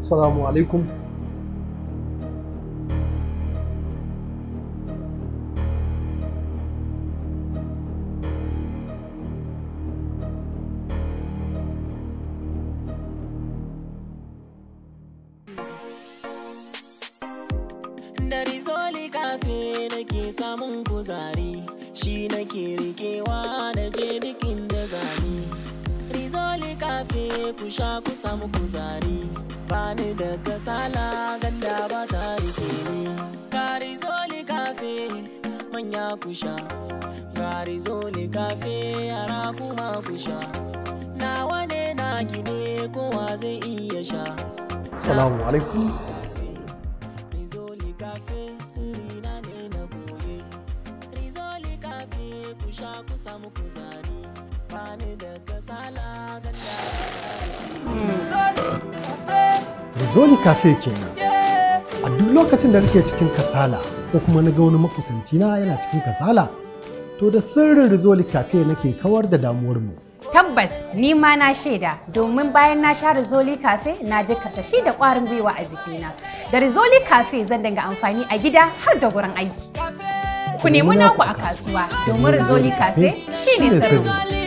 Assalamu alaikum. Dari zoli nake samun kuzari shi nake rikewa na je dukin da zani. Rizoli kafe ku sha ku samu kuzari. bani da kasala ganda ba ta rike ni gari zoli kafe manya kusha gari zoli kafe yara kuma kusha nawa ne na gine kowa zai iya sha salamu alaikum rizoli kafe sirina ne na boye rizoli kafe ku sha ku samu kuzari ni cafe kenan a duk lokacin da nake cikin kasala ko kuma na ga wani makusanci na yana cikin kasala to da sirrin rizoli cafe nake kawar da damuwar mu tabbas ni ma na shaida domin bayan na sha rizoli cafe na ji kasashi da kwarin gwiwa a jikina da rizoli cafe zan dinga amfani a gida har da gurin aiki ku nemi naku a kasuwa domin rizoli cafe shine sirri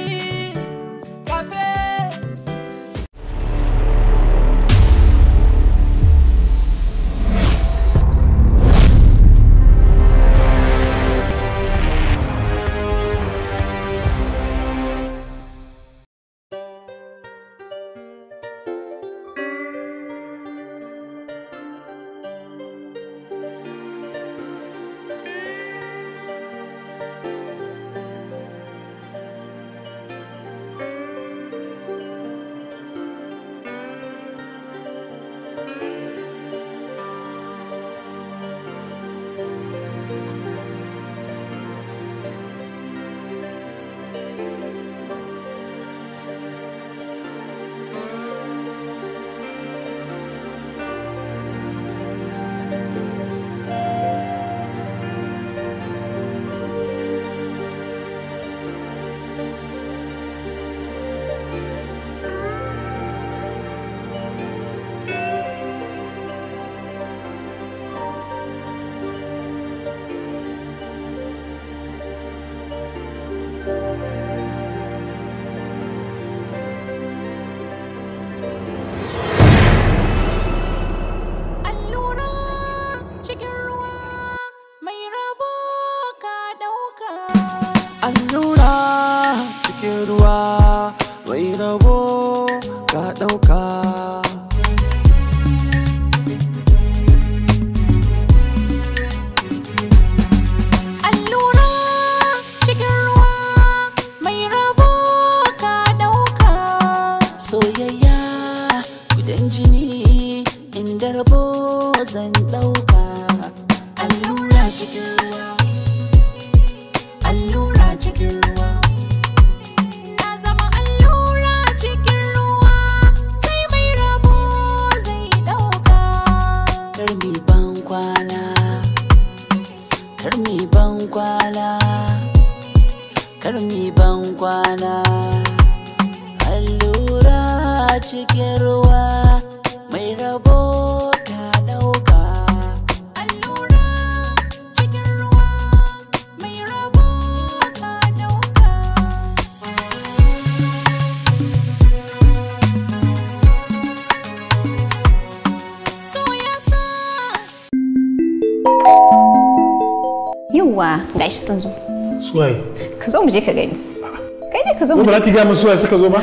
y'a musu ya suka zo ba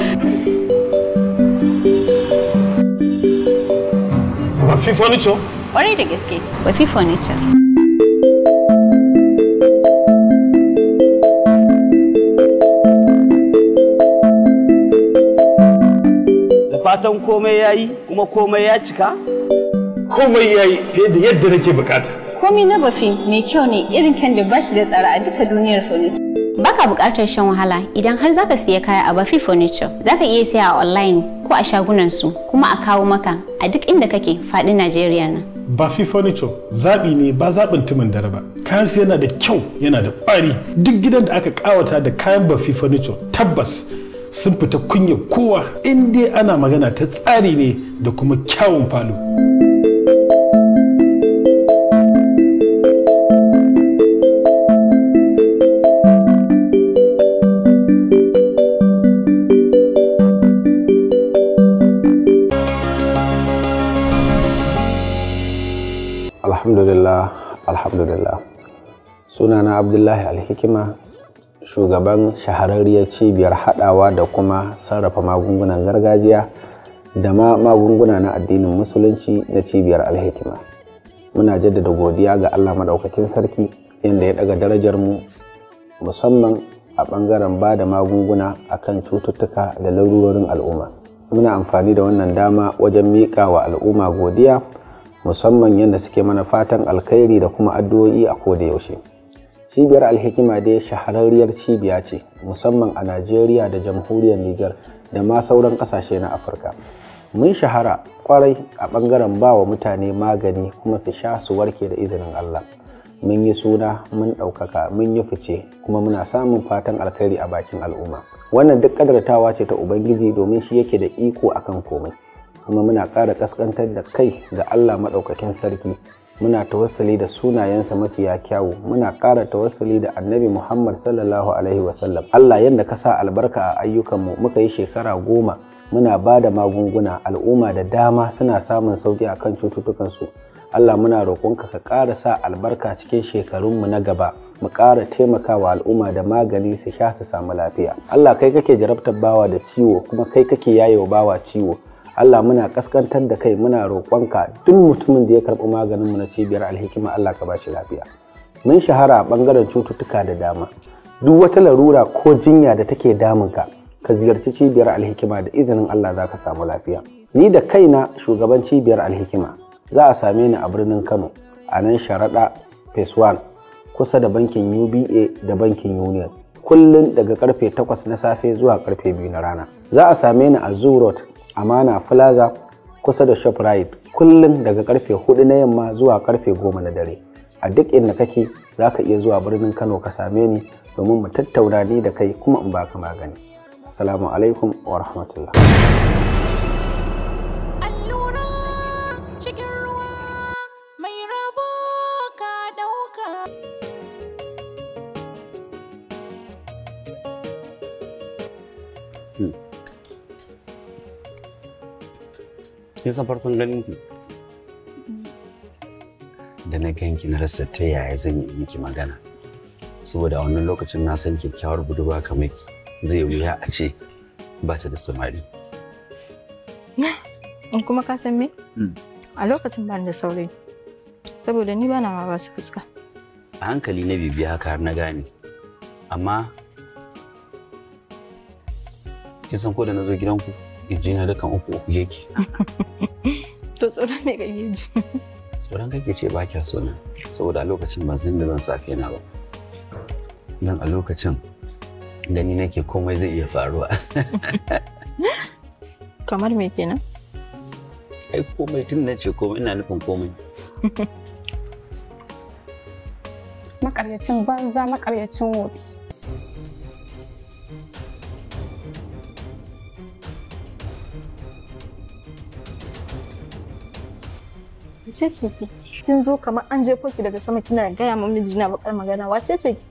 ba fi furniture ƙwarai da gaske ba fi furniture da fatan komai ya yi kuma komai ya cika komai ya yi fiye da yadda nake bukata komi na bafi mai kyau ne irin kan da bashi da tsara a duka duniyar furniture baka buƙatar shan wahala idan har zaka siya kaya a Buffy Furniture. Zaka iya siya a online ko a shagunan su kuma a kawo maka a duk inda kake faɗin Najeriya nan. Bafi Furniture zaɓi ne ba zaɓin tumin dare ba. kayan su yana da kyau yana da ƙwari. Duk gidan da aka ƙawata da kayan Buffy Furniture tabbas sun fita kunya kowa in dai ana magana ta tsari ne da kuma kyawun falo. alhamdulillah sunana abdullahi alhikima shugaban shahararriyar cibiyar hadawa da kuma sarrafa magungunan gargajiya da ma magunguna na addinin musulunci na cibiyar alhikima muna jaddada godiya ga allah maɗaukakin sarki yadda ya ɗaga darajar mu musamman a ɓangaren ba da magunguna a kan cututtuka da larurorin al'umma muna amfani da wannan dama wajen miƙa wa al'umma godiya musamman yadda suke mana fatan alkhairi da kuma addu'o'i a koda yaushe cibiyar alhikima dai shahararriyar cibiya ce musamman a najeriya da jamhuriyar niger da ma sauran kasashe na afirka mun shahara kwarai a bangaren ba wa mutane magani kuma su sha su warke da izinin allah mun yi suna mun ɗaukaka mun yi fice kuma muna samun fatan alkhairi a bakin al'umma wannan duk ƙadartawa ce ta ubangiji domin shi yake da iko akan komai kuma muna ƙara ƙasƙantar da kai ga Allah maɗaukakin sarki muna tawassali da sunayensa mafiya kyawu muna ƙara tawassali da annabi Muhammad sallallahu alaihi wasallam Allah yadda ka sa albarka a ayyukanmu muka yi shekara goma muna ba da magunguna al'umma da dama suna samun sauƙi a kan cututtukansu Allah muna roƙonka ka ƙara sa albarka cikin shekarunmu na gaba mu ƙara taimakawa al'umma da magani su sha su samu lafiya Allah kai kake jarabtar bawa da ciwo kuma kai kake yayewa bawa ciwo Allah muna kaskantar da kai muna roƙonka duk mutumin da ya karɓi maganinmu na cibiyar alhikima Allah ka ba shi lafiya mun shahara a ɓangaren cututtuka da dama duk wata larura ko jinya da take damun ka ka ziyarci cibiyar alhikima da izinin Allah za ka samu lafiya ni da kaina shugaban cibiyar alhikima za a same ni a birnin Kano a nan sharaɗa phase 1 kusa da bankin UBA da bankin Union kullum daga karfe 8 na safe zuwa karfe 2 na rana za a same ni a Zoo amana plaza kusa da shoprite kullum daga karfe 4 na yamma zuwa karfe 10 na dare a duk inda kake za ka iya zuwa birnin kano ka same ni domin mu tattauna ni da kai kuma in baka magani assalamu alaikum wa rahmatullah kin san farkon ganin ki da na ganki na rasa ta yaya zan yi miki magana saboda a wannan lokacin na san kyakkyawar budurwa kamar zai wuya a ce ba ta da samari in kuma ka san me hmm. a lokacin ba da saurayi saboda ni bana ma ba su fuska a hankali na bibiya haka har na gane amma kin san ko da na zo gidanku ji na dukan uku uku yake to tsoron ne ga ji tsoron kake ce ba kya so na saboda a lokacin ba zan da zan sa kaina ba dan a lokacin gani nake komai zai iya faruwa kamar me kenan ai komai tun na ce komai ina nufin komai makaryacin banza makaryacin wofi wace ce ki kin zo kamar an je ki daga sama kina gaya ma miji na bakar magana wace ce ki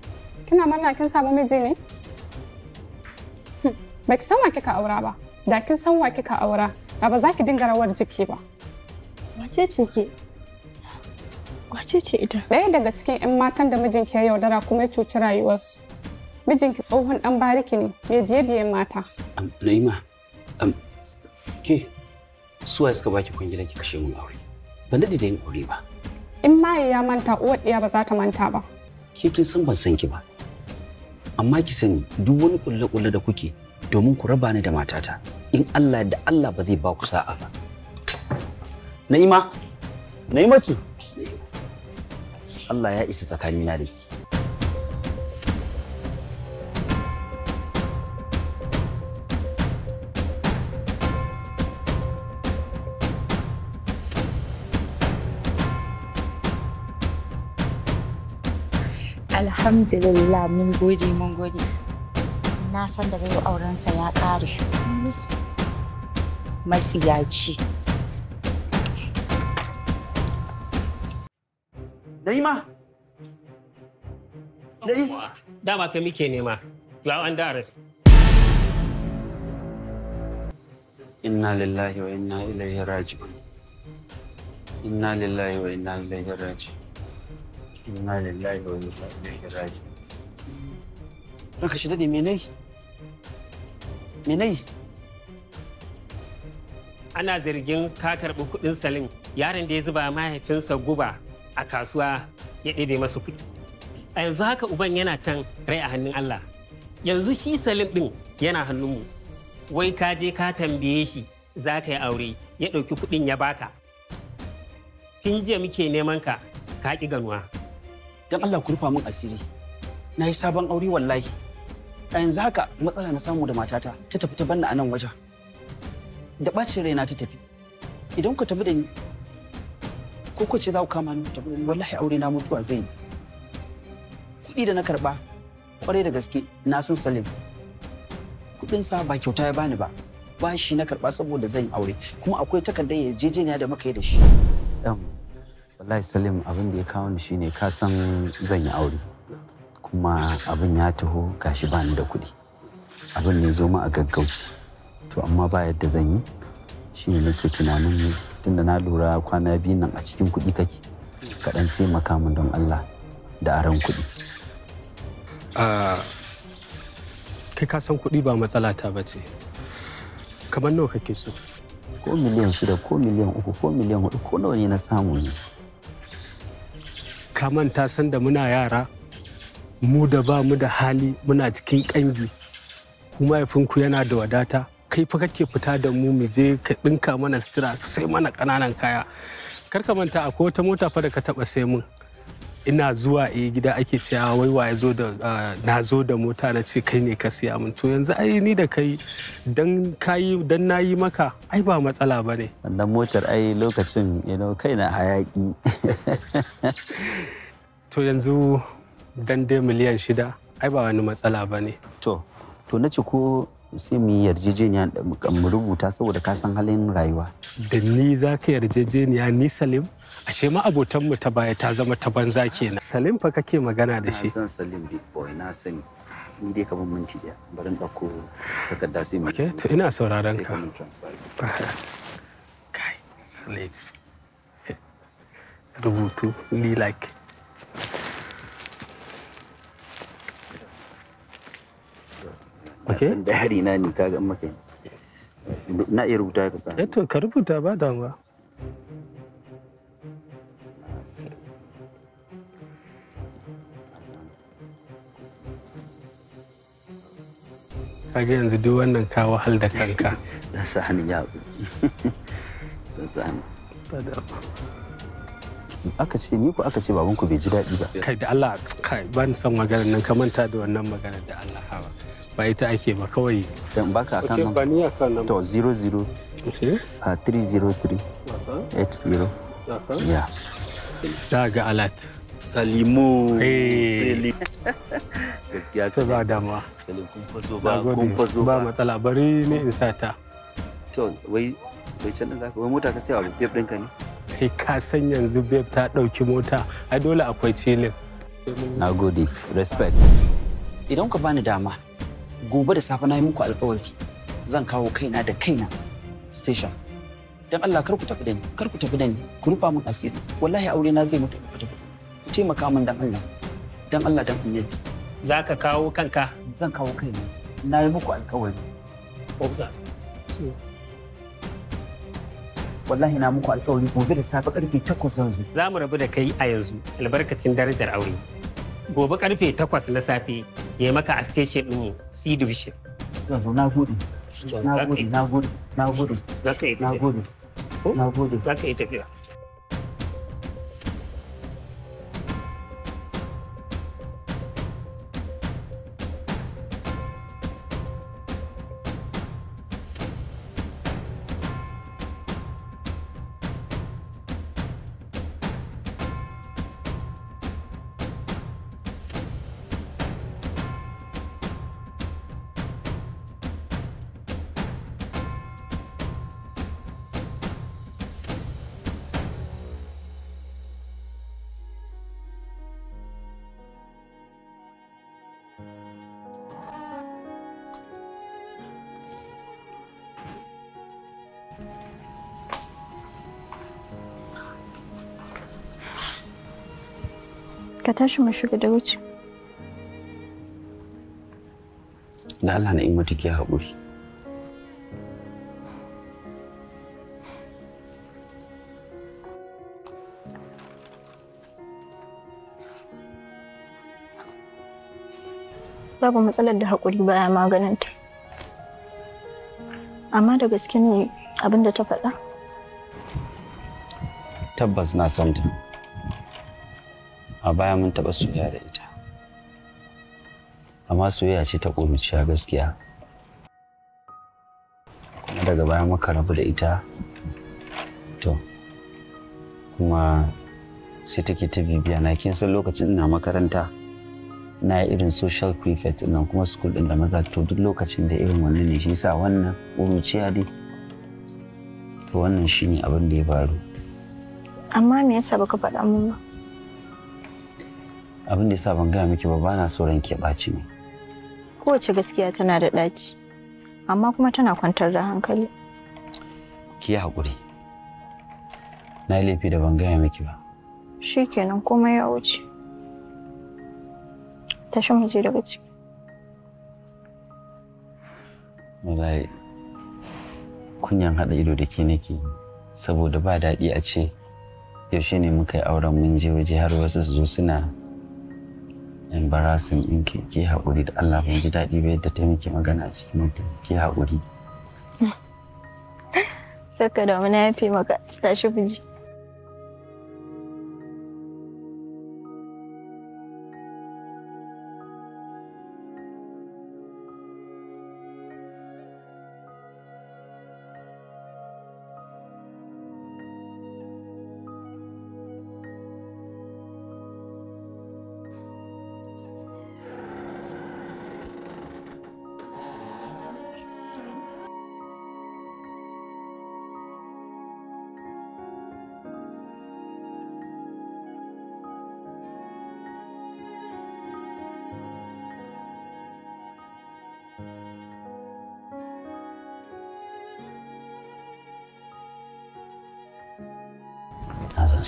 kina murna kin samu miji ne ba ki san wa kika aura ba da kin san wa kika aura da ba za ki dinga rawar jiki ba wace ce ki wace ce ita ɗaya daga cikin 'yan matan da mijinki ya yaudara kuma ya cuci rayuwarsu mijinki tsohon dan bariki ne mai biye-biyen mata na'ima ke suwa suka baki kwangilan ki kashe mun aure ban daɗe da yin aure ba. In maye ya manta uwar ɗiya ba za ta manta ba. Ke kin san ban san ki ba. Amma ki sani duk wani ƙulle-ƙulle da kuke domin ku raba ni da matata. In Allah da Allah ba zai ba ku sa'a ba. Na'ima. Na'imatu. Allah ya isa tsakanina da ke. alhamdulillah mun gode mun gode na san daga yau sa ya kare masiyaci Daima! Dai! Dama ka muke nema, ya an under arrest. Inna lillahi wa inna ilaihi raji'un. Inna lillahi wa inna ilaihi raji'un. shi me Me Ana zargin ka karɓi kuɗin Salim yaron da ya zuba mahaifinsa guba a kasuwa ya ɗebe masu kuɗi. A yanzu haka uban yana can rai a hannun Allah. Yanzu shi Salim ɗin yana hannunmu. Wai ka je ka tambaye shi za ka yi aure ya ɗauki kuɗin ya baka. Tun jiya muke neman ka ka ƙi ganuwa. don Allah ku rufa min asiri na yi sabon aure wallahi a yanzu haka matsala na samu da matata ta tafi ta banna a nan wajen da ɓacin raina ta tafi idan ku tafi da ni ko ku ce za ku kama ni tafi wallahi aure na mutuwa zai yi kuɗi da na karɓa kware da gaske na san salim kuɗinsa ba kyauta ya bani ba bashi na karɓa saboda zan aure kuma akwai takardar yarjejeniya da muka yi da shi. wallahi salim abin da ya kawo ni shine ka san zan yi aure kuma abin ya taho gashi ba ni da kuɗi abin ne zo ma a gaggauci to amma ba yadda zan yi shine nake tunanin tunda na lura kwana biyu nan a cikin kuɗi kake kaɗan taimaka min don allah da aron kuɗi kai ka san kuɗi ba matsala ta ba kamar nawa kake so ko miliyan shida ko miliyan uku ko miliyan hudu ko nawa ne na samu ne ka manta sanda muna yara mu da ba mu da hali muna cikin kangi ku mahaifinku yana da wadata kai fa kake fita da mu mu je ka dinka mana sutura sai mana kananan kaya kar ka manta akwai wata mota fa da ka taba sai mun ina zuwa eh gida ake cewa wai wa zo da ah, na zo da mota na ce kai ne ka siya min to yanzu ai ni da kai dan kayi dan nayi maka ai ba matsala ba ne wannan motar ai lokacin you know kai na hayaki to yanzu dan dai miliyan shida ai ba wani matsala bane. ne to to na ce ko sai mu yi yarjejeniya mu rubuta saboda ka san halin rayuwa da ni za ka yarjejeniya ni salim ashe ma abotan mu ta baya ta zama ta banza kenan salim fa kake magana da shi na san salim big boy na sani ni dai kamar minti daya bari ɗauko takarda sai mu to ina sauraron ka kai salim rubutu ni like okay da hari na ne maka na iya rubuta ka sa eh to ka rubuta ba damuwa kage yanzu duk wannan ka wahal da kanka dan sa hannun ya dan sa hannun aka ce ni ko aka ce baban ku bai ji daɗi ba kai da Allah kai ban san maganar nan ka manta da wannan maganar da Allah hawa ba ita ake ba kawai dan baka kan nan to 00 Okay. 303 80 ya da ga alat salimo gaskiya ce ba dama salim kun faso ba kun ba matsala bari ne in sata to wai bai can din zaka wai mota ka sai wa beb ɗinka ne kai ka san yanzu beb ta dauki mota ai dole akwai cilin na gode respect idan ka bani dama gobe da safe na yi muku alkawari zan kawo kaina da kaina station dan Allah kar ku tafi da ni kar ku tafi da ni ku rufa min asiri wallahi aure na zai mutu ku tafi ku taimaka min dan Allah dan Allah dan Za zaka kawo kanka zan kawo kaina na yi muku alkawari officer wallahi na muku alkawari gobe da safe karfe takwas zan zo. Za mu rabu da kai a yanzu albarkacin darajar aure. Gobe karfe takwas na safe ya yi maka a station ɗin C division. Yanzu na gode. Na gode, na gode, na gode. Za ka yi tafiya. Na gode. Za ka yi tafiya. tashi mu shiga da wuce Na Allah na imma take haƙuri babu matsalar da haƙuri baya maganinta amma da gaske ne abin da ta faɗa tabbas na son ta a baya mun taɓa soyayya da ita amma soyayya ce ta ƙuruciya gaskiya kuma daga baya muka rabu da ita to kuma sai take ta bibiya na kin san lokacin ina makaranta na irin social prefect nan kuma school ɗin da maza to duk lokacin da irin wannan ne shi sa wannan ƙuruciya dai to wannan shine abin da ya faru amma me yasa baka faɗa mun abin da yasa ban gaya miki ba bana so ranki ya ɓaci ne kowace gaskiya tana da ɗaci amma kuma tana kwantar da hankali ki hakuri. na yi laifi da ban gaya miki ba shikenan komai ya wuce tashi mu daga ciki wallahi kunyan haɗa ido da ke nake saboda ba daɗi a ce yaushe ne muka yi auren mun je waje har wasu su zo suna embarrassing in ki ki haƙuri da Allah ban ji daɗi ba yadda ta miki magana a cikin mutum ki hakuri. Saka da wani ya fi maka tashi fuji.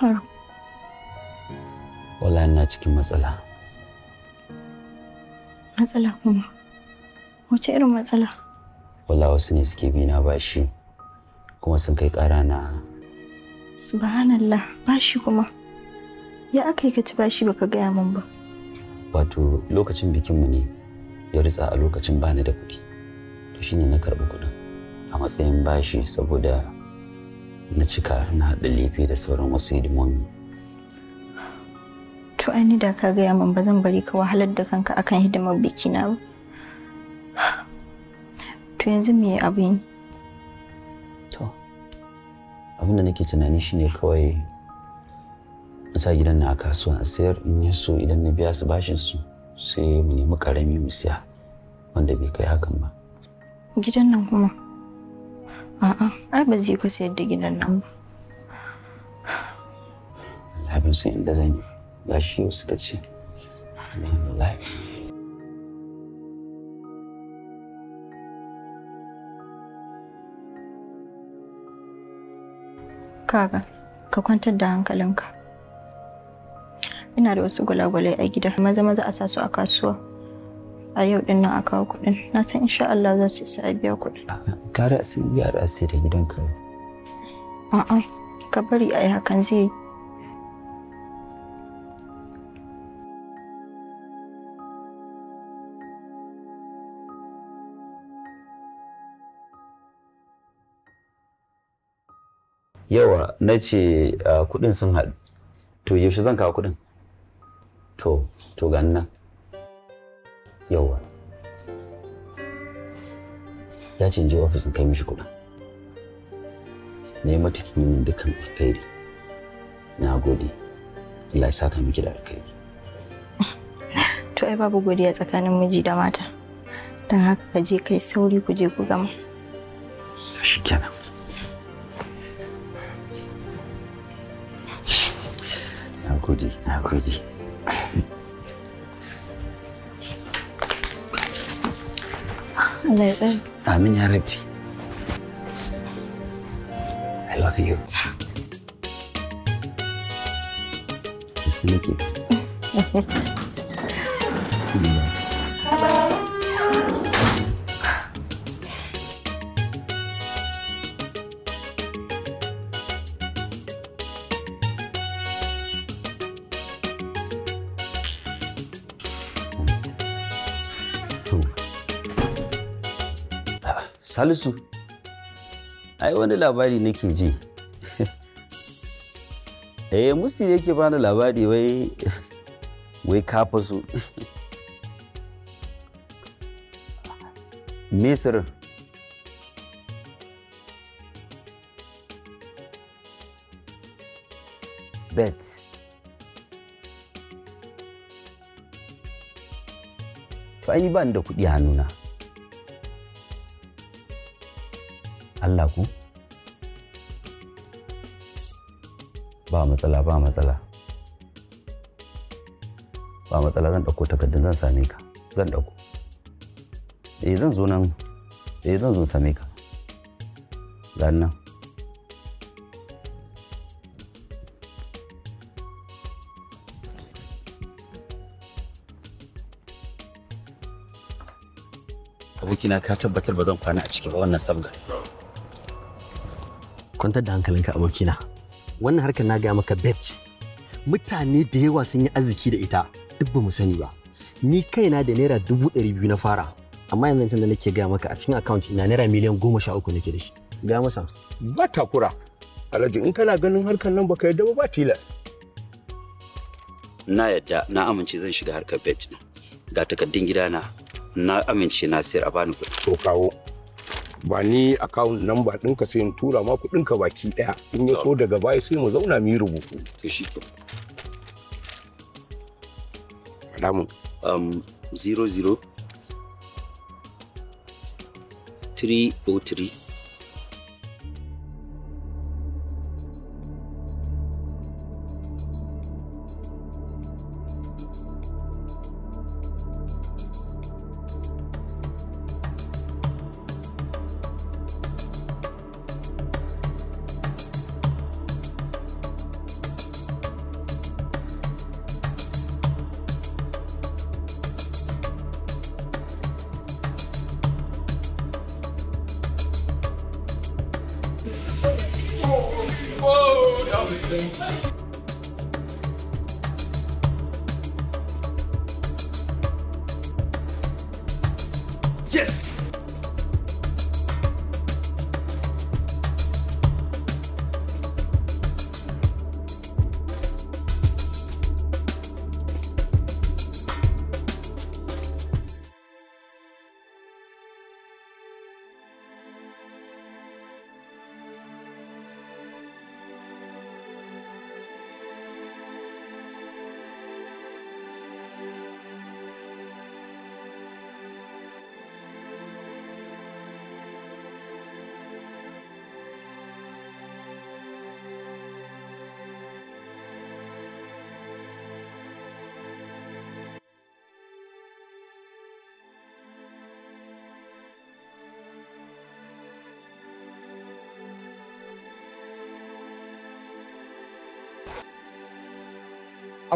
faru? Wala na cikin matsala. Matsala kuma? Wace irin matsala? Wala wasu ne suke bina na bashi kuma sun kai ƙara na. Subhanallah bashi kuma. Ya aka yi ka ci bashi baka gaya min ba. Wato lokacin bikinmu ne ya ritsa a lokacin bani da kuɗi. To shine na karɓi kuɗin a matsayin bashi saboda na cika na haɗa lefe da sauran wasu hidimomi. To ni da ka gaya min ba zan bari ka wahalar da kanka akan hidimar biki na ba. To yanzu me abin? To, abin da nake tunani shine kawai sa gidan na a kasuwa a sayar in yi so idan na biya su bashin su sai mu nemi karami mu siya wanda bai kai hakan ba. Gidan nan kuma? A'a. ai ba zai ka sayar da gidan nan ba. Labin sun inda zan yi ba shi yau suka ce. Amin kaga ka kwantar da hankalinka ina da wasu gwalagwalai a gida maza maza a sasu a kasuwa a yau din nan a kawo kuɗin na san insha Allah za su isa a biya kuɗin. Gara su yara su da gidanka. A'a ka bari a yi hakan zai yi. yawa na ce ah, kuɗin sun haɗu to yaushe zan kawo kuɗin? to to nan yauwa ya ce je ofis kai mishi kuɗin na yi matakin yi min dukkan alkhairi na gode Allah ya saka miki da alkhairi to ai babu godiya tsakanin miji da mata don haka ka je kai sauri ku je ku gama shi kenan na gode na gode I'm in your ya I love you. Just look you. Salisu, ai wani labari nake ji. Eh musu yake bani labari wai wai kafa su. Misir. Bet. To ai ba ni da kuɗi hannuna. Allah ku? Ba matsala ba matsala. Ba matsala zan ɗauko takardun zan same ka. Zan ɗauko. Eh zan zo nan. Eh zan zo same ka. Zan nan. abokina ka tabbatar ba zan kwana a cikin ba wannan sabgar kwantar da hankalinka abokina wannan harkar na gaya maka bet mutane da yawa sun yi arziki da ita duk ba mu sani ba ni kaina da naira dubu ɗari biyu na fara amma yanzu can da nake gaya maka a cikin account ina naira miliyan goma sha uku nake da shi ga masa ba takura alhaji in kana ganin harkar nan baka yadda ba tilas na yadda na amince zan shiga harkar bet ga takardun gidana na amince na sayar a bani kuɗi ko kawo ba ni account number ɗinka sai in tura ma ka baki ɗaya in ya so daga baya sai mu zauna mu rubutu to shi ke faɗa um 00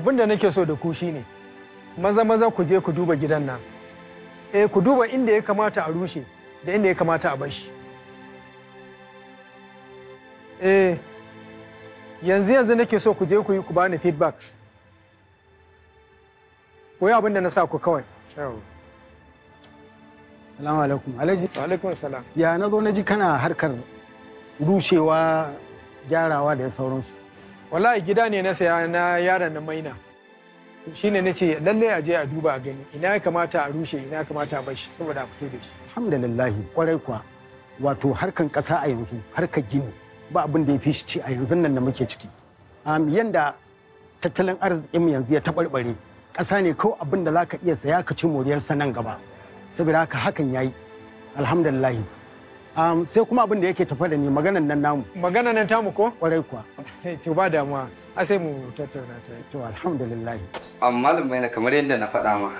abin da nake so da ku shine maza maza ku je ku duba gidan nan eh ku duba inda ya kamata a rushe da inda ya kamata a bashi eh yanzu yanzu nake so ku je ku yi ku bani feedback ko yi abin da na sa ku kawai Salamu alaikum. Alhaji. Alaikum salam. Ya na zo na ji kana harkar rushewa gyarawa da sauransu. wallahi gida ne na saya na yaron na maina ne na ce lallai a je a duba a gani ina ya kamata a rushe ina ya kamata a bar shi saboda a fito da shi alhamdulillah kwarai kuwa wato harkan kasa a yanzu harkar gini ba abin da ya fi shi ci a yanzu nan da muke ciki yanda tattalin arzikinmu yanzu ya taɓarɓare kasa ne ko abin da za ka iya saya ka ci moriyarsa nan gaba saboda haka hakan ya yi alhamdulillah Um, sai kuma abin da yake tafa da ni maganan nan namu. Maganan nan tamu ko? Kwarai kuwa. to ba damuwa. A sai mu tattauna ta. To alhamdulillah. Um, malam mai kamar yadda na faɗa ma.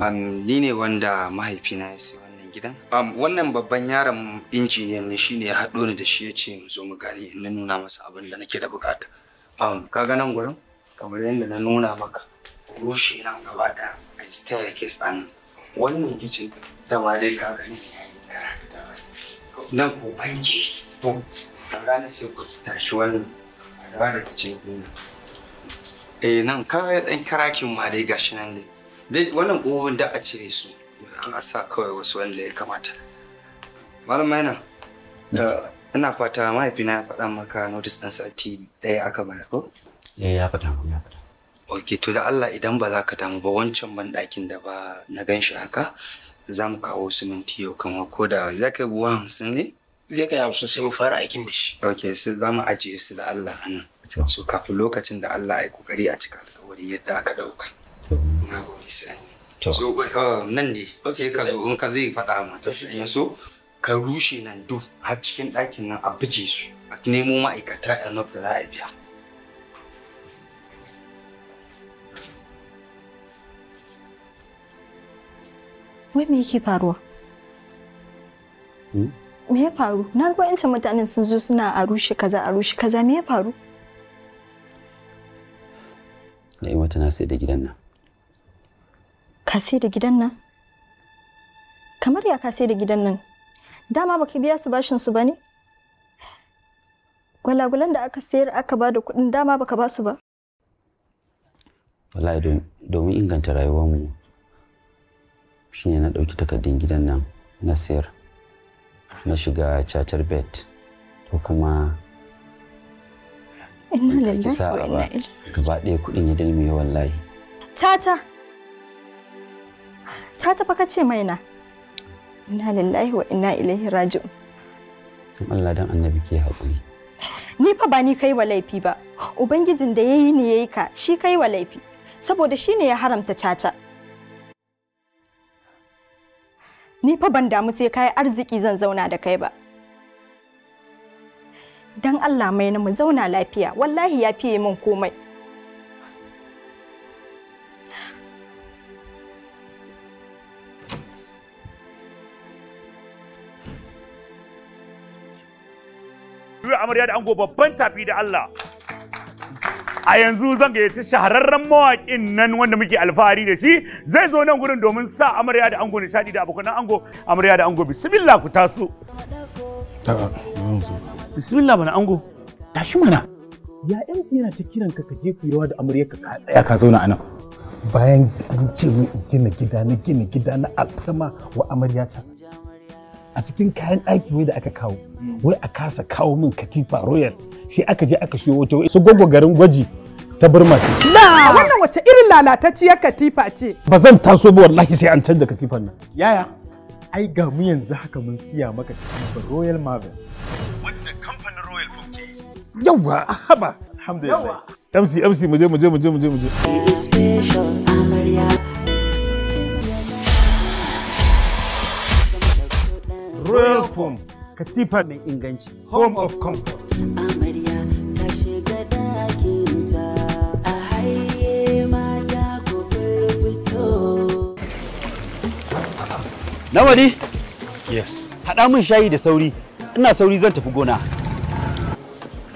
Um, ni ne wanda mahaifina ya sai wannan gidan. Um, wannan babban yaron injiniyan ne shine ya haɗo ni da shi ya ce mu zo mu gani in na nuna masa abin da nake da bukata. Um, ka ga nan gurin? Kamar yadda na nuna maka. Rushe nan gaba ɗaya. A staircase ke nan. Wannan kicin da ma dai ka gani. nan ko banki to a ranar sai ku tashi wannan a ranar kicin din eh nan kawai ɗan karakin ma dai gashi nan dai dai wannan gobin da a cire su a sa kawai wasu wanda ya kamata malam maina mm. eh, ina fata mahaifina ya faɗa maka notice ɗan sati ɗaya aka bayar ko eh ya faɗa mun ya faɗa ok to da Allah idan ba za ka damu ba wancan ban ɗakin da ba na gan shi haka za mu kawo siminti yau kamar ko da za ka buwa hamsin ne? zai kai hamsin sai mu fara aikin da shi. ok sai za mu ajiye su da Allah nan. so kafin lokacin da Allah ya yi kokari a cika alkawari yadda aka dauka. na gobe sani. so oh, nan ne sai ka zo in ka zai faɗa ma ta sanya so ka rushe nan duk har cikin ɗakin nan a bije su a nemo ma'aikata enough da za a biya. Wai me yake faruwa? Hmm? Me ya faru? Na ga yancan mutanen sun zo suna a rushe kaza a rushe kaza me ya faru? Na yi mata na sai da gidan nan. Ka sai da gidan nan? Kamar ya ka sai da gidan nan? Dama baka biya su bashin su bane? Gwalagulan da aka sayar aka ba da kuɗin dama baka ba su ba? Wallahi domin inganta rayuwarmu shine na ɗauki takardun gidan nan na sayar na shiga cacar bet to kuma ina lallahi wa ina gaba ɗaya kuɗin ya dalmi wallahi tata tata fa ce mai na inna lillahi wa inna ilaihi raji'un Allah dan annabi ke haƙuri ni fa ba ni kai wa laifi ba ubangijin da yayi ni yayi ka shi kai wa laifi saboda shine ya haramta caca ni fa ban damu sai kayi arziki zan zauna da kai ba dan Allah mai na mu zauna lafiya wallahi ya fiye min komai Amarya da ango babban tafi da Allah. a yanzu zan gayyaci shahararren mawaƙin nan wanda muke alfahari da shi zai zo nan gurin domin sa amarya da ango nishadi da abokan ango amarya da ango bismillah ku taso bismillah bana ango tashi mana ya yan yana ta kiran ka je ku rawa da amarya ka tsaya ka zauna anan bayan an ce mu in gina gida na gina gida na alfama wa amarya ta a cikin kayan aiki wai da aka kawo wai a kasa kawo min katifa royal sai aka je aka shiyo wata su gogo garin gwaji ta burma ce na wannan wace irin lalatacciyar katifa ce ba zan taso ba wallahi sai an canza katifan nan yaya ai ga mu yanzu haka mun siya maka katifar royal marvel wanda kamfanin royal funk ke yi yawa haba alhamdulillah mc mc mu je mu je mu je mu je mu je royal form katifa mai inganci home of comfort amarya ta shiga a haye mata fito yes haɗa min shayi da sauri ina sauri zan tafi gona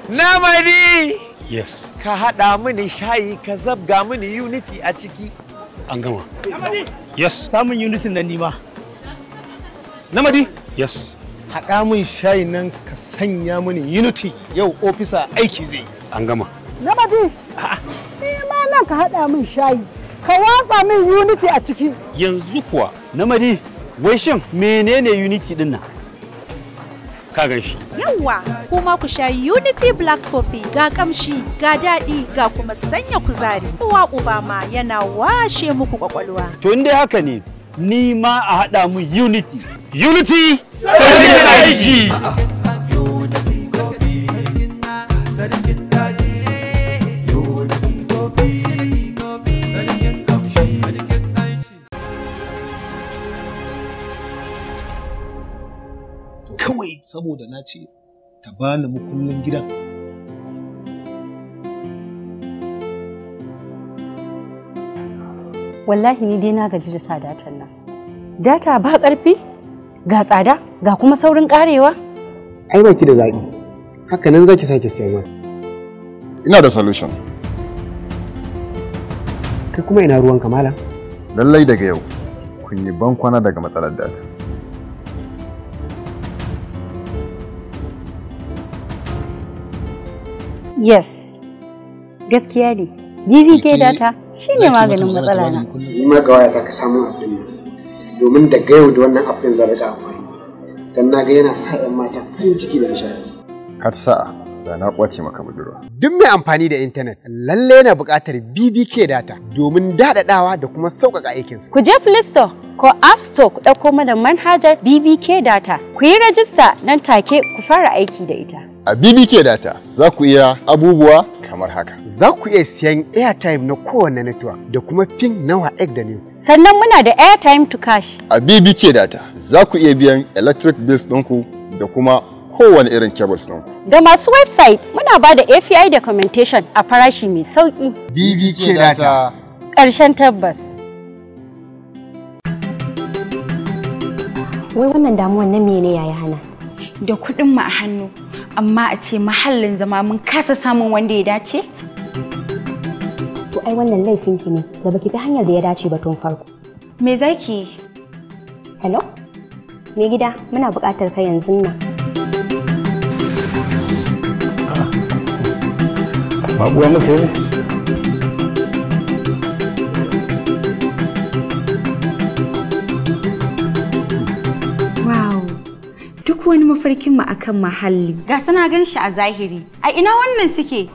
Namadi. yes ka haɗa mini shayi ka zabga mini unity a ciki an gama yes samun unity nan nima namadi yes haɗa min shayi nan ka sanya mini unity yau ofisa aiki zai an gama na babi ma nan ka haɗa min shayi ka watsa min unity a ciki yanzu kuwa na madi wai shin menene unity din nan ka gan shi yawwa kuma ku sha unity black coffee ga kamshi ga daɗi ga kuma sanya kuzari uwa uba yana washe muku kwakwalwa to inda dai haka ne ni ma a haɗa mu unity unity sai aiki kawai saboda na ce ta bani makullin gidan wallahi ni dai na gaji da sa datan nan data ba ƙarfi ga tsada ga kuma saurin ƙarewa ai baki da zaɓi haka nan zaki sake siyan ina da solution kai kuma ina ruwan kamala lallai daga yau kun yi bankwana daga matsalar data yes gaskiya ne BBK data shine maganin matsala na. Ni ma ga wayata ka samu abin nan domin da gayo da wannan abin zan rika amfani. Dan na ga yana sa ƴan mata farin ciki da nishaɗi. Har sa'a da na kwace maka budurwa. Duk mai amfani da intanet lalle yana buƙatar BBK data domin daɗaɗawa da kuma sauƙaƙa aikinsa. Ku je Play Store ko App Store ku ɗauko mana manhajar BBK data. Ku yi rajista nan take ku fara aiki da ita. A BBK Data za ku iya abubuwa kamar haka. Za ku iya siyan airtime na kowane network da kuma pin nawa egg da ne. Sannan muna da airtime to cash. A BBK Data za ku iya biyan electric bills ɗinku da kuma kowane irin cables ɗinku. Ga masu website muna ba da API documentation a farashi mai sauƙi. BBK Data. Ƙarshen tabbas. Wai wannan damuwan na mene yayi hana? Da kuɗin mu a hannu amma a ce mahallin zama mun kasa samun wanda ya dace? To ai wannan laifinki ne da baki bi hanyar da ya dace ba tun farko. Me zaki? Hello? Me gida muna buƙatar ka yanzu nan. Ah. Babuwa muke ne? duk wani mafarkin mu akan muhalli. ga suna gan shi a zahiri a ina wannan suke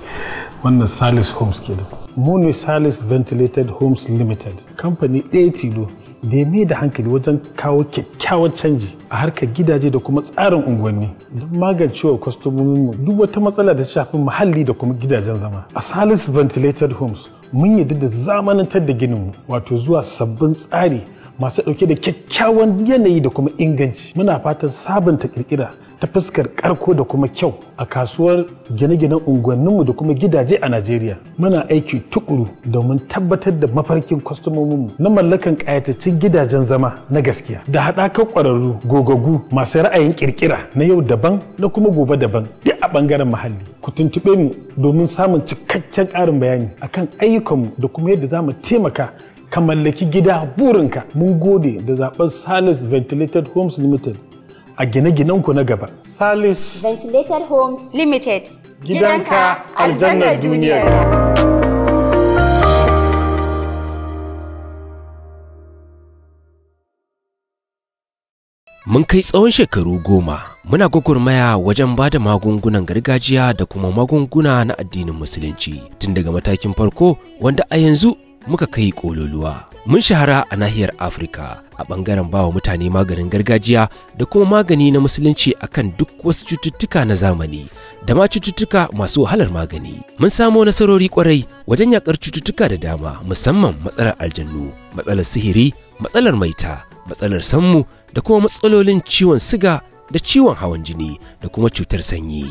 wannan salis homes ke mu ne salis ventilated homes limited kamfani ɗaya tilo da ya da hankali wajen kawo kyakkyawan canji a harkar gidaje da kuma tsarin unguwanni don magancewa mu. duk wata matsala da shafin muhalli da kuma gidajen zama a salis ventilated homes mun yi da zamanantar da gininmu wato zuwa sabbin tsari masu ɗauke da kyakkyawan yanayi da kuma inganci muna fatan sabunta ƙirƙira ta fuskar ƙarko da kuma kyau a kasuwar gine-ginen unguwanninmu da kuma gidaje a najeriya muna aiki tukuru domin tabbatar da mafarkin kwastomominmu na mallakan ƙayataccen gidajen zama na gaskiya da haɗakar ƙwararru gogagu masu ra'ayin ƙirƙira. na yau daban na kuma gobe daban duk a ɓangaren muhalli ku tuntuɓe mu domin samun cikakken ƙarin bayani akan ayyukanmu da kuma yadda za mu taimaka ka mallaki gida burinka mun gode da zaben salis ventilated homes limited a gine-ginenku na gaba salis ventilated homes limited gidanka aljannar duniyar Mun kai tsawon shekaru goma muna gwagwarmaya wajen ba da magungunan gargajiya da kuma magunguna na addinin musulunci tun daga matakin farko wanda a yanzu muka kai kololuwa mun shahara a nahiyar afirka a bangaren bawa mutane maganin gargajiya da kuma magani na musulunci akan duk wasu cututtuka na zamani da ma cututtuka masu wahalar magani mun samo nasarori kwarai wajen yakar cututtuka da dama musamman matsalar aljannu matsalar sihiri matsalar maita matsalar sammu da kuma matsalolin ciwon siga da ciwon hawan jini da kuma cutar sanyi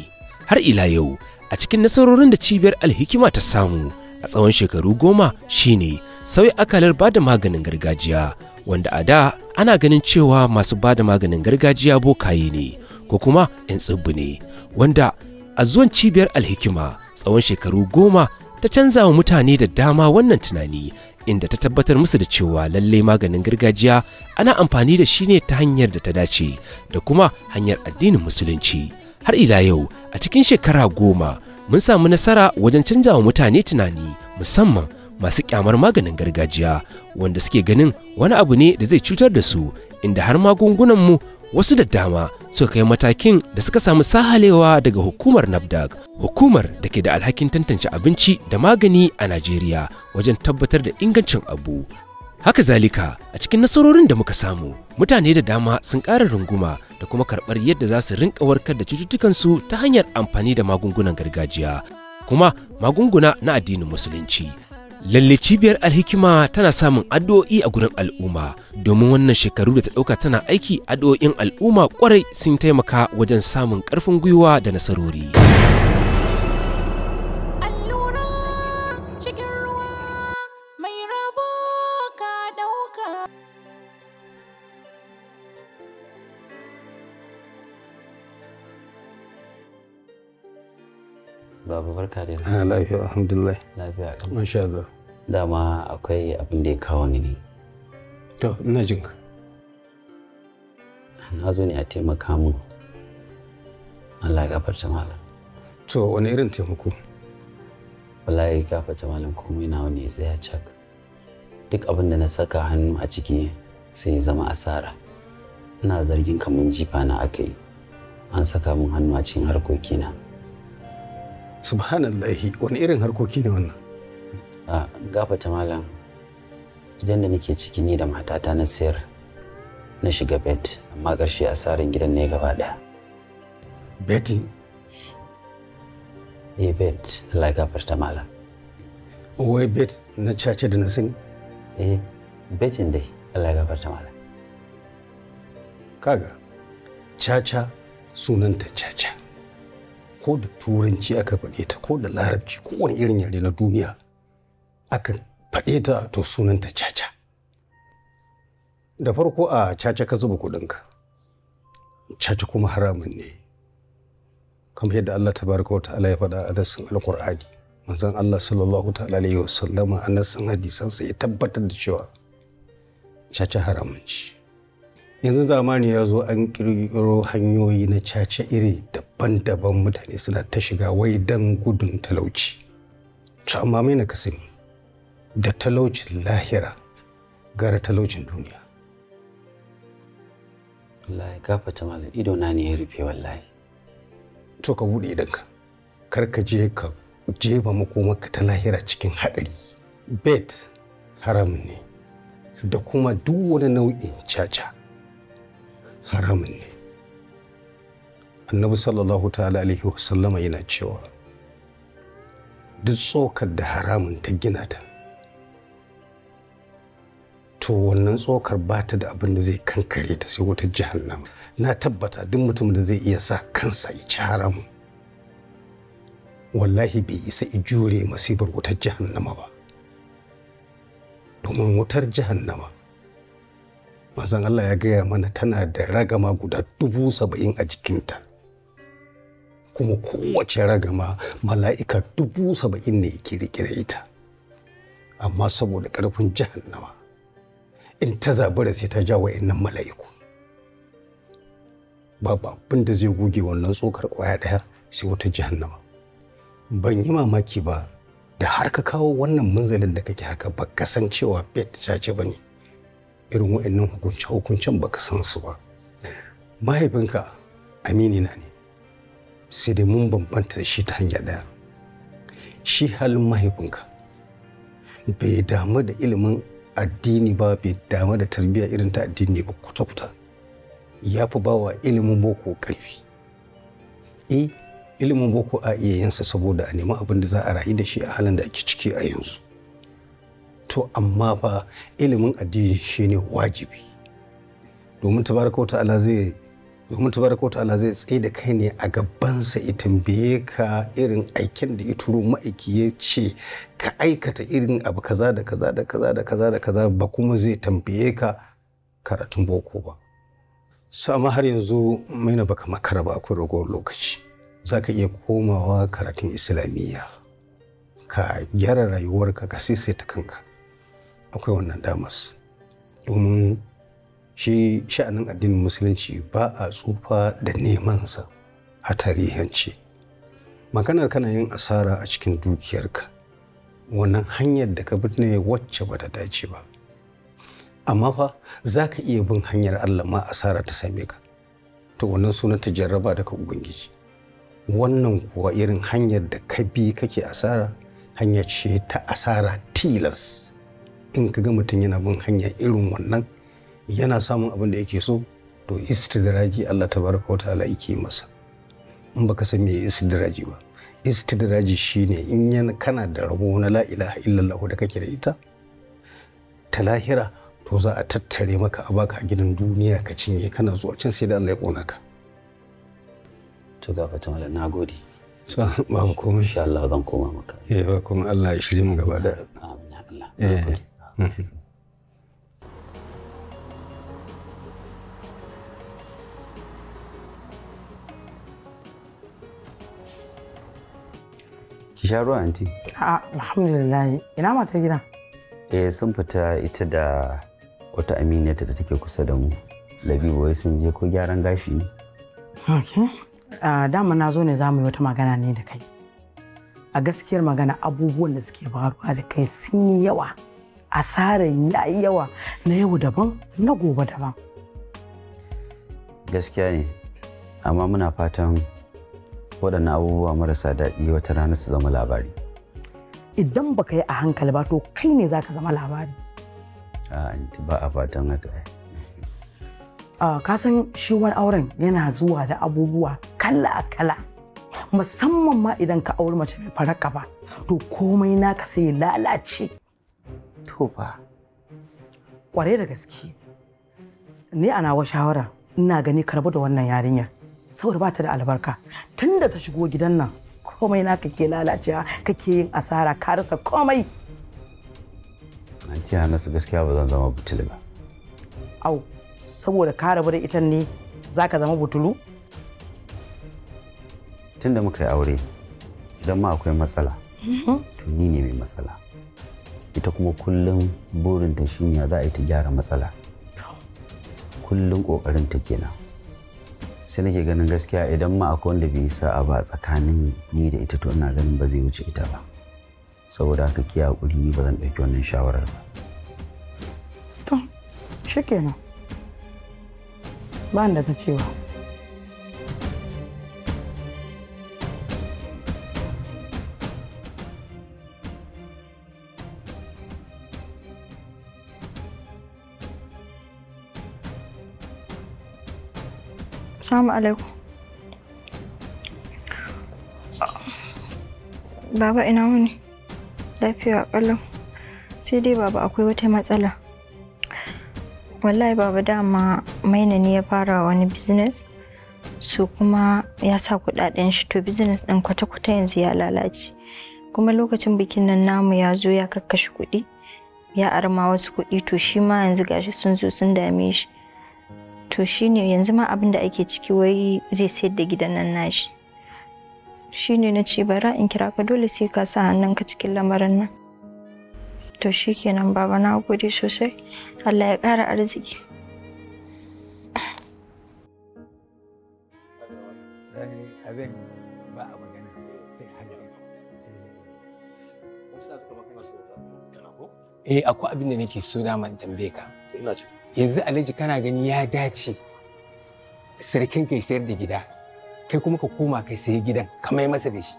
har ila yau a cikin nasarorin da cibiyar alhikima ta samu a tsawon shekaru goma shine sauyi akalar bada maganin gargajiya wanda a da ana ganin cewa masu bada maganin gargajiya bokaye ne ko kuma 'yan tsibbi ne wanda a zuwan cibiyar alhikima tsawon shekaru goma ta canza wa mutane da dama wannan tunani inda ta tabbatar musu da cewa lallai maganin gargajiya ana amfani da shi ne ta hanyar da ta dace da kuma hanyar addinin musulunci har ila yau a cikin shekara goma mun samu nasara wajen wa mutane tunani musamman masu kyamar maganin gargajiya wanda suke ganin wani abu ne da zai cutar da su inda har magungunanmu wasu da dama suka kai matakin da suka samu sahalewa daga hukumar nafdag hukumar da ke da alhakin tantance abinci da magani a najeriya wajen tabbatar da ingancin abu haka zalika a cikin nasarorin da muka samu mutane da dama sun ƙara runguma da kuma karɓar yadda za su rinka warkar da cututtukansu ta hanyar amfani da magungunan gargajiya kuma magunguna na addinin musulunci lalle cibiyar alhikima tana samun addu'o'i a gurin al'umma domin wannan shekaru da ta ɗauka tana aiki addu'o'in al'umma kwarai sun taimaka wajen samun ƙarfin gwiwa da nasarori. Baba barka da yau. Ah, lafiya alhamdulillah. Lafiya kan. Masha Allah. Dama akwai abin da ya kawo ni ne. To ina jin ka. Na zo ne a taimaka min. Allah ya gafarta malam. To wani irin taimako? Wallahi gafarta malam komai na wani ya tsaya cak. Duk abin da na saka hannu a ciki sai zama asara. Ina zargin kamar jifa na aka yi. An saka min hannu a cikin harkokina. na. subhanallahi wani irin harkoki ne wannan a gafata malam gidan da nake ciki ni da matata na sayar na shiga bet amma ƙarshe asarin gidan ne gaba ɗaya betting eh bet Allah gafarta malam wai bet na cace da na sani eh betin dai Allah gafarta malam kaga caca sunanta caca ko da turanci aka faɗe ta ko da larabci ko wani irin yare na duniya aka faɗe ta to sunanta caca da farko a caca ka zuba kuɗinka caca kuma haramun ne kamar yadda Allah tabaraka wa ta'ala ya faɗa a nasin alƙur'ani manzon Allah sallallahu ta'ala alaihi wasallama a nasin hadisansa ya tabbatar da cewa caca haramun ce yanzu zamani ya zo an kirkiro hanyoyi na caca iri daban-daban mutane suna ta shiga wai don gudun talauci to amma mai na kasani da talaucin lahira gara talaucin duniya wallahi gafata malam ido na ne ya rufe wallahi to ka bude idanka kar ka je ka jeba makomarka ta lahira cikin haɗari bet haramun ne da kuma duk wani nau'in caca haramun ne annabi sallallahu ta'ala alaihi wasallama yana cewa duk tsokar da haramun ta gina ta to wannan tsokar ba ta da abin da zai kankare ta sai wata jahannama na tabbata duk mutum da zai iya sa kansa ya ci haramun wallahi bai isa i jure masibar wutar jahannama ba domin wutar jahannama mazan Allah ya gaya mana tana da ragama guda dubu saba'in a jikinta kuma kowace ragama mala'ika dubu saba'in ne ke rike ita amma saboda ƙarfin jahannama in ta zabura sai ta ja innan mala'iku babu abin da zai goge wannan tsokar kwaya ɗaya sai wata jahannama ban yi mamaki ba da har ka kawo wannan munzalin da kake haka ba kasancewa bet sace ba ne irin wa'annan hukunce-hukuncen baka san su ba mahaifinka amini na ne sai dai mun bambanta shi ta hanya ɗaya shi halin mahaifinka bai damu da ilimin addini ba bai damu da tarbiyya irin ta addini ba kuta-kuta. ya fi bawa ilimin boko ƙarfi e ilimin boko a iyayensa saboda a nemi abin da za a rayu da shi a halin da ake ciki a yanzu to amma fa ilimin addini shine wajibi domin tabaraka wa ta'ala zai domin tabaraka wa ta'ala zai tsaye da kai ne a gabansa ya tambaye ka irin aikin da ya turo ma'aiki ya ce ka aikata irin abu kaza da kaza da kaza da kaza da kaza ba kuma zai tambaye ka karatun boko ba su amma har yanzu maina baka makara ba akwai ragowar lokaci za ka iya komawa karatun islamiyya ka gyara rayuwarka ka ta kanka akwai wannan damas domin shi sha'anin addinin musulunci ba a tsufa da neman sa a tarihance maganar kana yin asara a cikin dukiyarka wannan hanyar da ka ne wacce ba ta dace ba amma fa za ka iya bin hanyar allah ma asara ta same ka to wannan sunan ta jarraba daga ubangiji wannan kuwa irin hanyar da ka bi kake asara hanya ce ta asara tilas in ka ga mutum yana bin hanya irin wannan yana samun abin da yake so to istidraji Allah baraka wa ta'ala yake masa in baka san me istidraji ba istidraji shine in yana kana da rabo na la ilaha illallah da kake da ita ta lahira to za a tattare maka a baka a gidan duniya ka cinye kana zuwa can sai da Allah ya kona ka to ga fata mala na so babu komai insha Allah zan koma maka eh ba kuma Allah ya shirye mu gaba da amin Allah eh kisha ruwa anti? A alhamdulillah. Ina mata gida? Eh sun fita ita da wata aminiyarta da take kusa da mu. Labibu wai sun je ko gyaran gashi ne. Okay. Uh, dama na zo ne za mu yi wata magana ne da kai. A gaskiyar magana abubuwan da suke faruwa da kai sun yi yawa. asaran ya yawa na yau daban na gobe daban gaskiya ne amma muna fatan waɗannan abubuwa marasa daɗi wata rana su zama labari idan baka yi a hankali ba to kai ne za ka zama labari ba a fatan haka ka san shi wani auren yana zuwa da abubuwa kala a kala musamman ma idan ka auri mace mai faraka ba to komai naka sai lalace To fa. Kware da gaske. Ni a nawa shawara ina gani karbu da wannan yarinyar. Saboda ba ta da albarka. Tunda ta shigo gidan nan komai na kake lalacewa kake yin asara ka rasa komai. Anti su gaskiya ba zan zama butulu ba. Au, saboda ka rabu da ita ne zaka zama butulu? Tunda muka yi aure, idan ma akwai matsala, mhm. to ni ne mai matsala. ita kuma kullum burinta shinya za a yi ta gyara matsala kullum ƙoƙarinta kenan sai nake ganin gaskiya idan ma akwai wanda bai a ba tsakanin ni da ita to ina ganin ba zai wuce ita ba saboda haka ki hakuri ni ba zan ɗauki wannan shawarar ba to kenan ba da ta cewa Assalamu alaikum. Baba ina wuni? Lafiya ƙalau. Sai dai baba akwai wata matsala. Wallahi baba dama maina ne ya fara wani business. su kuma ya sa kuɗaɗen shi to business ɗin kwata-kwata yanzu ya lalace kuma lokacin bikin nan namu ya zo ya kakkashi kuɗi ya arma wasu kuɗi to shi ma yanzu gashi sun zo sun dame shi to shine yanzu ma abin da ake ciki wai zai sayar da gidan nan nashi shi na ce bara in kira ka dole sai ka sa hannun ka cikin lamarin nan to shi kenan baba na gode sosai Allah ya ƙara arziki e Eh akwai abin da nake so da man ka. yanzu alhaji kana gani ya dace sarkin kai sayar da gida kai kuma ka koma kai sayi gidan ka mai masa da shi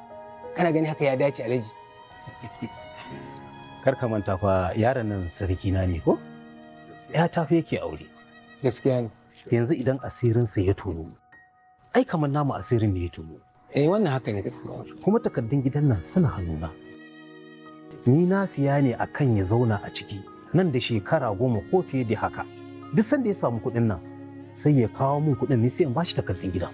kana gani haka ya dace alhaji kar ka manta fa yaran nan sarki na ne ko ya tafi yake aure gaskiya ne yanzu idan asirinsa ya tono ai kamar namu asirin ne ya tono eh wannan haka ne gaskiya kuma takardun gidan nan suna hannuna ni na siya ne akan ya zauna a ciki nan da shekara goma ko fiye da haka duk sanda ya samu kuɗin nan sai ya kawo min kuɗin ne sai in bashi takardun gida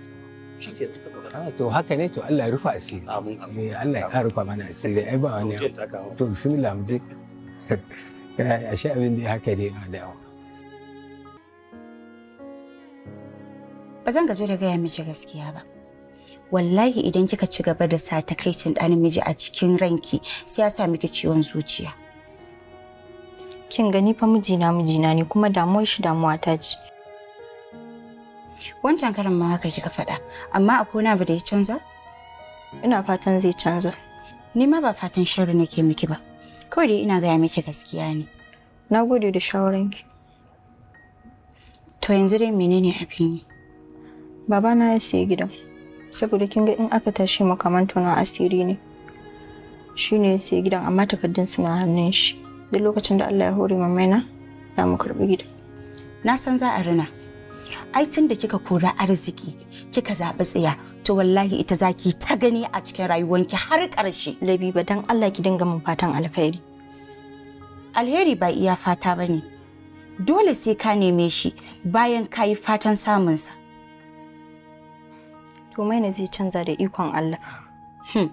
ah, to haka ne to Allah ya rufa asiri eh, Allah ya rufa mana asiri ai ba wani to bismillah mu je ashe abin da haka ne da yawa ba zan gaji da gaya miki gaskiya ba wallahi idan kika ci gaba da sa takaicin ɗan miji a cikin ranki sai ya sa miki ciwon zuciya kin gani fa mijina mijina ne kuma damuwar shi damuwa ta ce wancan karan ma haka kika faɗa amma akwai na ba da ya canza ina fatan zai canza ni ma ba fatan sharri nake miki ba kawai dai ina gaya miki gaskiya ne na gode da shawaranki to yanzu dai menene abin yi baba na ya sayi gidan saboda kin ga in aka tashi makamantuna asiri ne shine ya sayi gidan amma takardun suna hannun shi duk lokacin da Allah ya hore mamaina za mu karɓi gida. Na san za a rina. Ai tun da kika kora arziki kika zaɓi tsiya to wallahi ita zaki ta gani a cikin rayuwanki har ƙarshe. Labiba dan Allah ki dinga min fatan alkhairi. Alheri ba iya fata ba ne. Dole sai ka neme shi bayan ka yi fatan samunsa. To maina zai canza da ikon Allah. Hmm.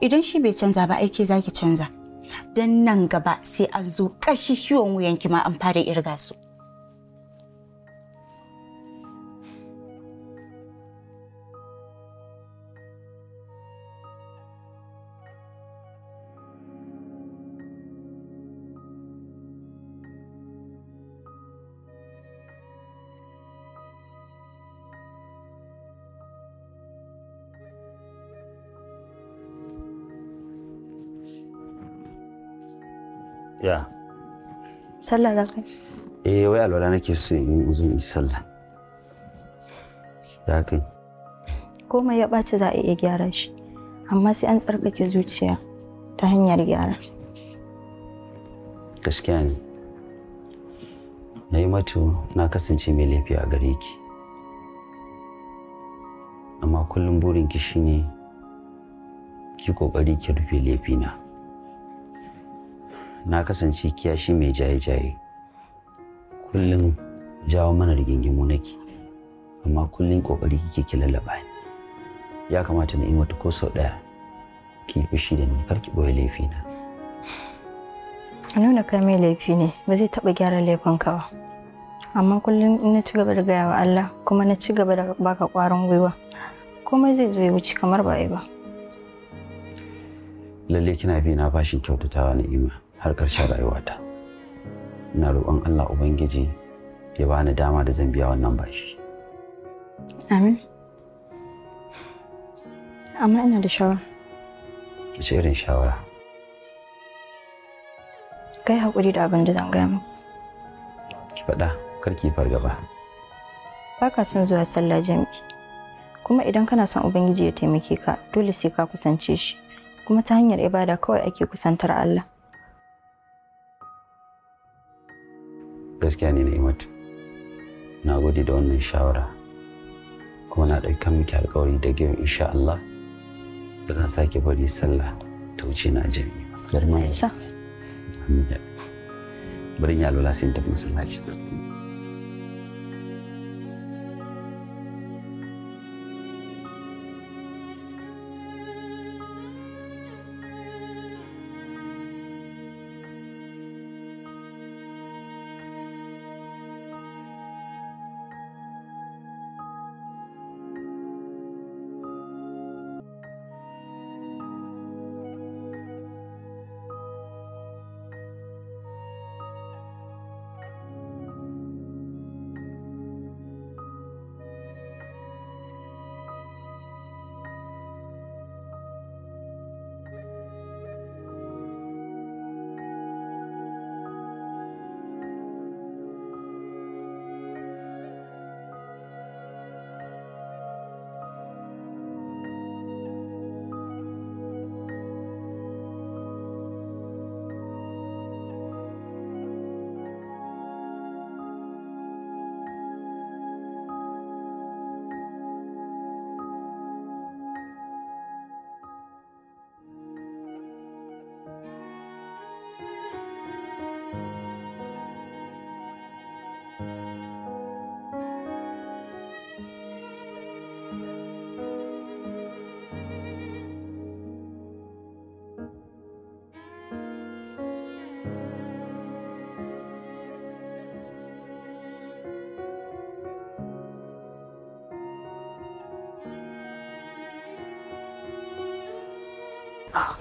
Idan shi bai canza ba aiki zaki canza. dan nan gaba sai an zo shiwon wuyan ki ma an fara irga su. ya sallah za ka eh wai alwala nake so in zo in sallah ya kai komai ya ɓaci za a iya gyara shi amma sai an tsarkake zuciya ta hanyar gyara gaskiya ne na yi mato na kasance mai laifi a gare ki amma kullum burinki shine ki kokari ki rufe laifina. na na kasance kiyashi mai jaye-jaye kullum jawo mana rigingimu nake amma kullum kokari kike ki lalaba ni ya kamata na yi wata ko sau ɗaya ki fushi da ni kar ki ɓoye laifina a nuna kai mai laifi ne ba zai taɓa gyara laifin ka ba amma kullum in na ci gaba da gaya wa Allah kuma na ci gaba da baka ƙwarin gwiwa komai zai zo ya wuce kamar ba ba lalle kina bi na bashin kyautatawa na ima. har ƙarshen rayuwata ina roƙon allah ubangiji ya bani dama da zan biya wannan bashi amin amma ina da shawara ce irin shawara kai haƙuri da abin da zan gaya muku ki faɗa karki fargaba ba ka son zuwa sallah jami'i kuma idan kana son ubangiji ya taimake ka dole sai ka kusance shi kuma ta hanyar ibada kawai ake kusantar allah gaskiya ne na yi mata na gode da wannan shawara kuma na ɗaukan miki alkawari da yau insha Allah ba zan sake bari sallah ta wuce na jami'i ba. Yarma ya. Bari ya lula sai in tafi masallaci.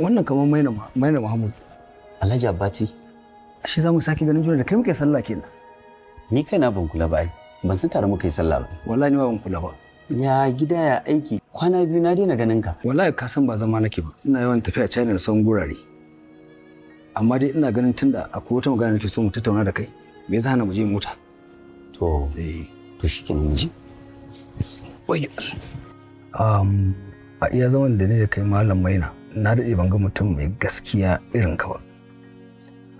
wannan kamar maina maina Muhammad Alhaji Abbati shi zamu sake ganin juna da kai muke sallah kenan ni kaina ban kula ba ai ban san tare muka yi sallah ba wallahi ni ban kula ba ya gida ya aiki kwana biyu na daina ganin ka wallahi ka san ba zama nake ba ina yawan tafiya China da sauran gurare amma dai ina ganin tunda akwai wata magana nake so mu tattauna da kai me zai hana mu je mota to eh to shikenan ji. Wai. um a iya zaman da ne da kai malam maina na daɗe ban ga mutum mai gaskiya irin ka ba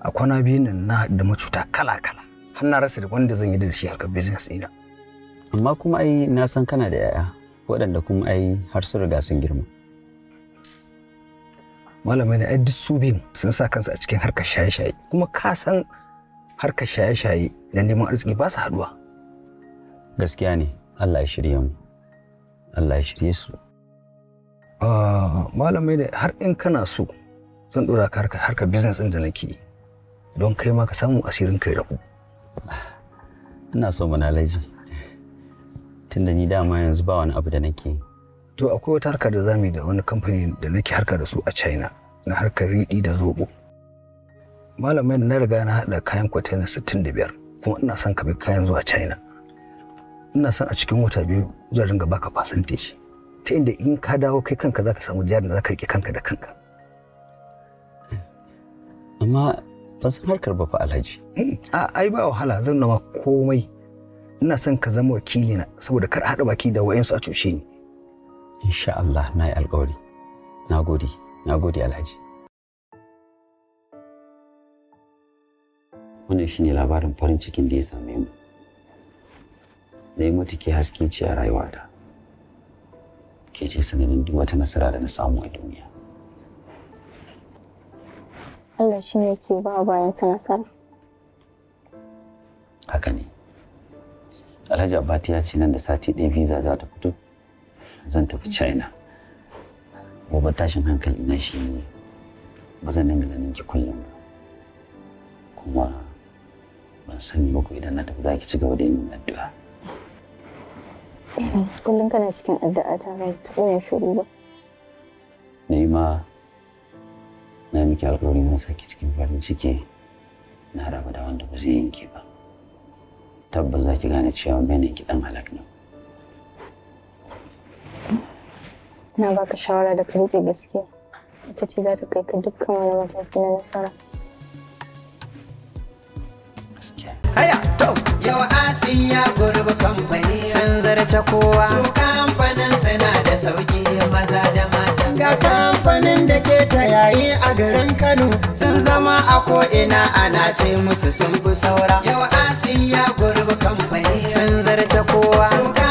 a kwana biyu nan na da macuta kala-kala har na rasa da wanda zan yi da shi harkar business ina amma kuma ai na san kana da yaya waɗanda kuma ai har su riga sun girma malamai na ai duk su biyun sun sa kansu a cikin harkar shaye-shaye kuma ka san harkar shaye-shaye da neman arziki ba su haɗuwa gaskiya ne Allah ya shirye mu Allah ya shirye su malamai da har in kana so zan dora ka harka harka business din da nake don kai ma ka samu asirin kai rabu ina so mana laji tunda ni dama yanzu ba wani abu da nake to akwai wata harka da zamu da wani kamfani da nake harka da su a China na harkar riɗi da zobo malamai na riga na hada kayan kwatena 65 kuma ina son ka bi kayan zuwa China ina son a cikin wata biyu zan ringa baka fasantin shi ta inda in ka dawo kai kanka za ka samu jarin da za ka riƙe kanka da kanka hmm. amma ba san harkar ba fa alhaji hmm. a ai ba wahala zan nama komai ina son ka zama wakili na saboda kar haɗa baki da wayansu a cuce ni insha Allah na yi alƙawari na gode alhaji wannan shine labarin farin cikin da ya same mu na yi matuƙi haske ce a rayuwata ke ce sanadin duk wata nasara da na samu a duniya Allah shi ne ke ba bayan sa nasara haka ne Alhaji Abbati ya ce nan da sati ɗaya visa za ta fito zan tafi China gobe tashin hankali na shi ne ba zan nan ganin ki kullum ba kuma ban sani ba ku idan na tafi za ki ci gaba da yin addu'a Kullum kana cikin addu'a ta bai taɓa shiru ba. Ni ma na miki alƙawari zan saki cikin farin ciki na raba da wanda ba zai yanke ba. Tabbas za ki gane cewa bane ki dan halak ne. Na baka shawara da ka gaskiya. Ita ce za ta kai ka dukkan wani mataki na nasara. haya to yau asiya gurbi kamfani sun zarce kowa su kamfanin suna da sauki maza da mata ga kamfanin da ke ta yayi a garin kano sun zama a ko'ina ana ce musu sun fi saura yau asiya gurbi kamfani sun zarce kowa su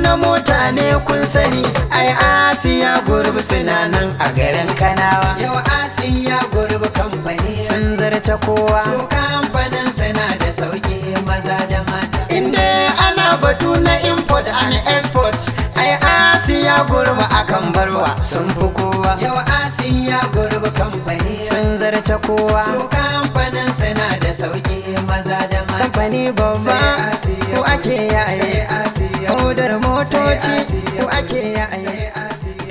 na mota ne kun sani ai asiya gurbi suna nan a garin kanawa yau asiya gurbi kamfani sun zarce kowa su kamfanin suna da sauki maza da mata inda ana batu na import and export ai asiya gurbi akan barwa sun fi kowa yau asiya gurbi kamfani sun zarce kowa su kamfanin suna da sauki maza da kamfani babba ko ake yaye odar motoci ko ake yaye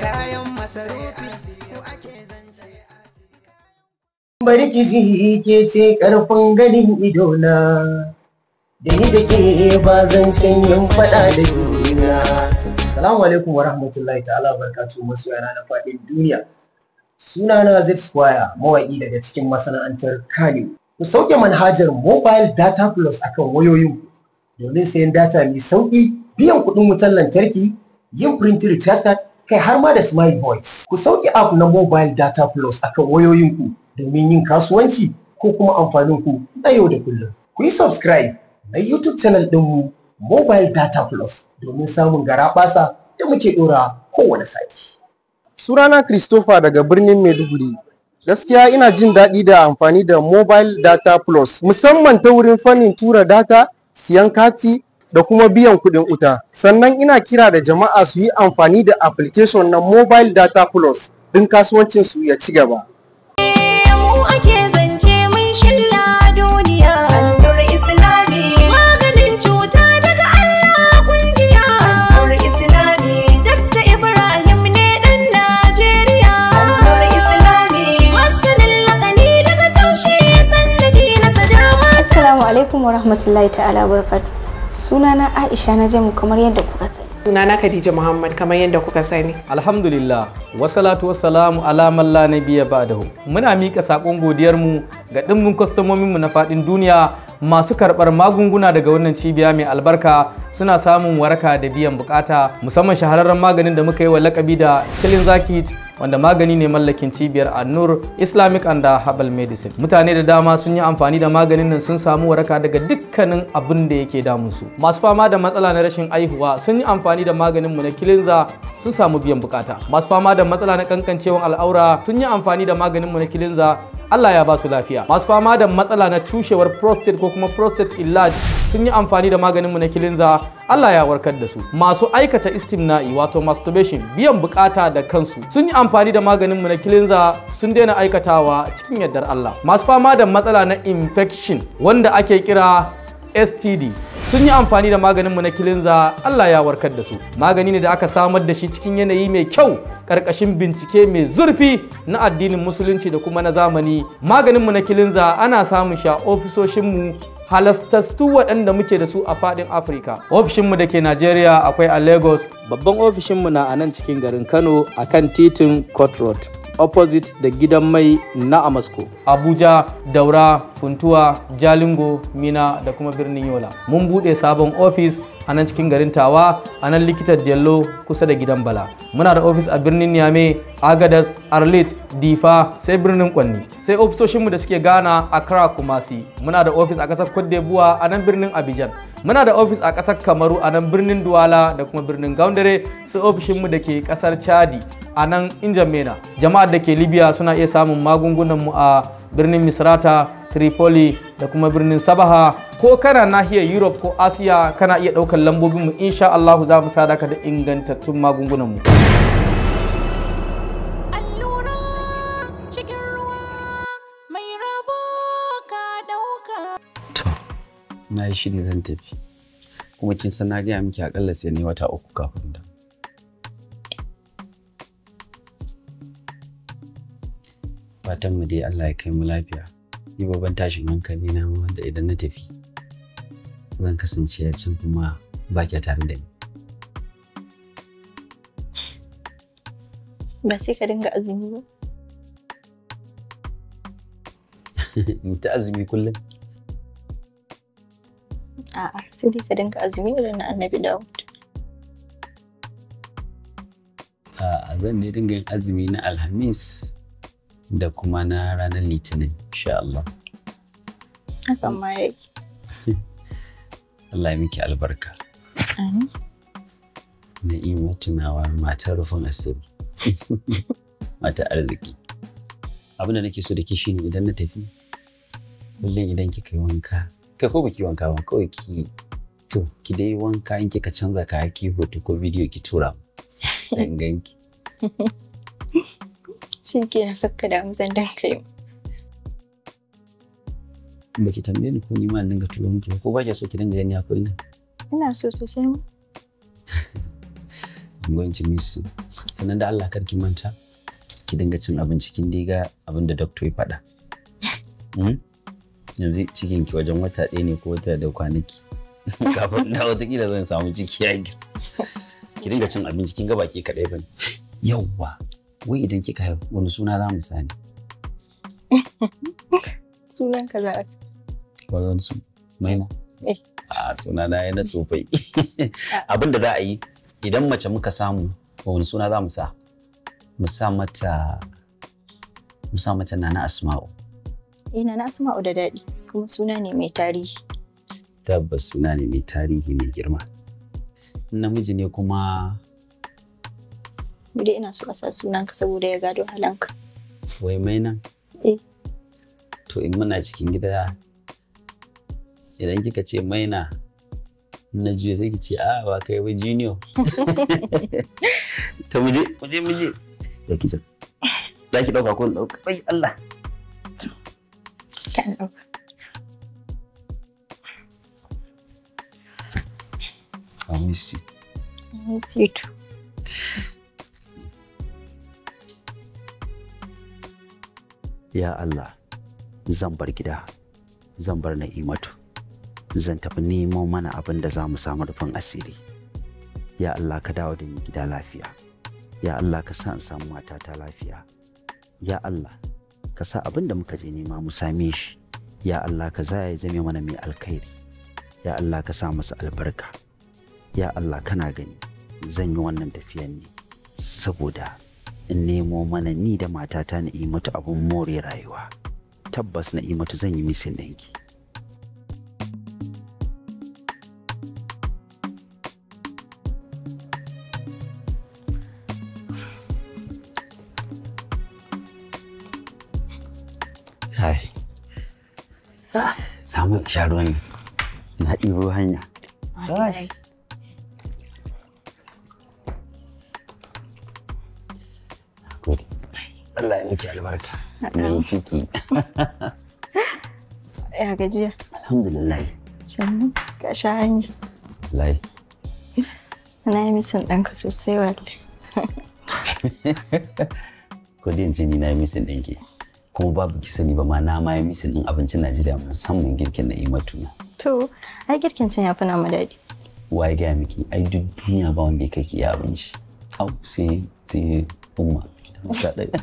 kayan masarufi ko ake zance bari ki ji ke ce karfin ganin idona da ni da ke ba zancen yin faɗa da juna salamu alaikum wa rahmatullahi ta'ala barkatu masu yana na fadin duniya Suna na zip squire mawaƙi daga cikin masana'antar kano ku sauke manhajar mobile data plus akan wayoyin domin sayan data mai sauki biyan kuɗin wutar lantarki yin print recharge card kai har ma da smile voice ku sauke app na mobile data plus akan wayoyinku domin yin kasuwanci ko kuma amfaninku na yau da kullum ku yi subscribe na youtube channel ɗinmu mobile data plus domin samun garaɓasa da muke ɗora kowane sati surana christopher daga birnin maiduguri Gaskiya ina jin daɗi da amfani da Mobile Data Plus, musamman ta wurin fannin tura data, siyan kati, da kuma biyan kuɗin wuta. Sannan ina kira da jama'a su yi amfani da application na Mobile Data Plus kasuwancin kasuwancinsu ya ci gaba. alaikum wa rahmatullahi ta'ala barkatu. Sunana Aisha na jamu kamar yadda kuka sani. Sunana Khadija Muhammad kamar yadda kuka sani. Alhamdulillah, wasalatu wassalamu ala man la nabiyya ba'dahu. Muna mika sakon godiyar mu ga dimbin kwastomomin mu na fadin duniya masu karɓar magunguna daga wannan cibiya mai albarka suna samun waraka da biyan bukata musamman shahararren maganin da muka yi wa lakabi da killing zakit wanda magani ne mallakin cibiyar annur islamic and herbal medicine mutane da dama sun yi amfani da maganin nan sun samu waraka daga dukkanin abin da yake damunsu masu fama da matsala na rashin aihuwa sun yi amfani da maganin mu na kilinza sun samu biyan bukata masu fama da matsala na kankancewan al'aura sun yi amfani da maganin mu na kilinza Allah ya ba su lafiya masu fama da matsala na cushewar prostate ko kuma prostate enlarge sun yi amfani da maganinmu na kilinza Allah ya warkar da su masu aikata istimna'i wato masturbation biyan bukata da kansu sun yi amfani da maganinmu na kilinza sun daina aikatawa cikin yardar Allah masu fama da matsala na infection wanda ake kira std sun yi amfani da maganinmu na kilinza allah ya warkar da su magani ne da aka samar da shi cikin yanayi mai kyau karkashin bincike mai zurfi na addinin musulunci da kuma na zamani maganinmu na kilinza ana samun shi a ofisoshinmu halastastu waɗanda muke da su a faɗin afirka ofishinmu da ke najeriya akwai a lagos babban ofishinmu na a nan cikin garin kano akan titin court road opposite da gidan mai na Amasko. Abuja, Daura, Funtuwa, Jalingo, Mina da kuma birnin Yola. Mun buɗe sabon ofis a nan cikin garin tawa a nan likitar dello kusa da gidan bala muna da ofis a birnin yame agadas arlit difa sai birnin kwanni sai ofisoshinmu da suke gana kara kumasi muna da ofis a ƙasar cote d'ivoire a nan birnin abidjan muna da ofis a ƙasar kamaru a nan birnin duwala da kuma birnin gaundare sai ofishinmu da ke ƙasar chadi a nan injamena jama'ar da ke libya suna iya samun magungunanmu a birnin misrata tripoli da kuma birnin sabaha ko kana nahiyar europe ko asiya kana iya ɗaukar lambobinmu insha allahu za mu sadaka da ingantattun magungunanmu na yi shiri zan tafi kuma kin san na gaya miki akalla sai ne wata uku kafin da fatan mu dai Allah ya kai mu lafiya ni babban tashin hankali na wanda idan na tafi zan kasance a can kuma ba ke tare da ni. Ba sai ka dinga azumi ba. Ni ta azumi kullum. A'a, sai dai ka dinga azumi wurin na Annabi Dawud. A'a, zan ne dinga yin azumi na Alhamis da kuma na ranar litinin insha Allah. Hakan ma ya yi. Allah ya miki albarka. Na'ima tunawa matar rufin asiri. Mata arziki. Abin da nake so da ke shi ne idan na tafi, kullum idan kika yi wanka, kai ko baki wanka ba kawai ki to ki dai wanka in kika canza ka, ki hoto ko bidiyo ki tura mu. Danganki. shi ke na kakka da zan danka Ba ki tambaye ni ko ni ma dinga tulo miki ko ba ki so ki dinga gani a kullum? Ina so sosai mu. I'm going to miss you. Sannan da Allah kar ki manta ki dinga cin abinci kin diga abin da doctor ya faɗa. Hmm? Yanzu cikin ki wajen wata ɗaya ne ko wata da kwanaki. Kafin da watakila zan samu ciki ya Ki dinga cin abinci kin ga baki kaɗai ba ne. Yawwa. wai idan kika haihu wani suna za mu sani sunan ka za a sa wani su maina eh. a suna na yana tsofai abin da za a yi idan mace muka samu wani suna za mu sa mu sa mata mu sa mata nana asma'u eh nana asma'u da daɗi kuma suna ne mai tarihi tabbas suna ne mai tarihi mai girma namiji ne kuma dai ina so a sa ka saboda ya gado halanka wai mai nan eh to in muna cikin gida idan kika ce maina na juya sai ki ce a ah, ba kai ba junior to muje muje muje Ya kita za ki dauka ko in dauka ai Allah kan dauka I miss you. I miss you too. ya Allah zan bar gida zan bar na'imatu zan tafi neman mana abin da za mu samu rufin asiri ya Allah ka dawo da ni gida lafiya ya Allah ka sa in samu matata lafiya ya Allah ka sa abin da muka je nema mu same shi ya Allah ka ya zame mana mai alkhairi ya Allah ka sa masa albarka ya Allah kana gani zan yi wannan tafiyan ne saboda in nemo mana ni da matata na yi mutu abun more rayuwa tabbas na yi mutu zan yi misin ɗanki Hai. Ah. Samun na ɗibo hanya. miki albarka. Mai ciki. Ya gajiya. Alhamdulillah. Sannu ka sha hanyar. Lai. Na yi misin ɗanka sosai wallahi. Ko da jini ni na yi misin ɗanki. Kuma babu ki sani ba ma na ma yi misin ɗin abincin Najeriya musamman girkin na imatu na. To, ai girkin cin ya fi namu daɗi. Wai gaya miki, ai duk duniya ba wanda ya kai ki abinci. Au sai sai umma. kaɗai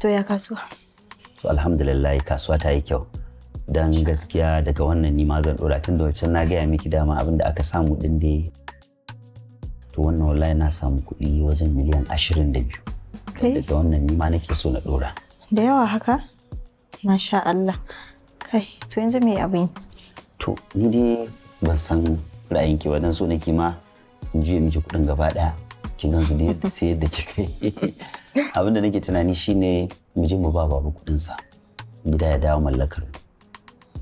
to ya kasuwa to alhamdulillah kasuwa ta yi kyau don gaskiya daga wannan nima zan ɗora tun da wancan na gaya miki dama abin da aka samu din dai to wannan wallahi na samu kuɗi wajen miliyan ashirin da biyu daga wannan nima nake so na ɗora da yawa haka masha Allah kai to yanzu me abin to ni dai ban san ra'ayinki ba don so nake ma Jiya miki kuɗin gaba ɗaya ki gansu da sai da kika yi abinda nake tunani shine mu je mu ba babu kuɗin sa gida ya dawo mallakar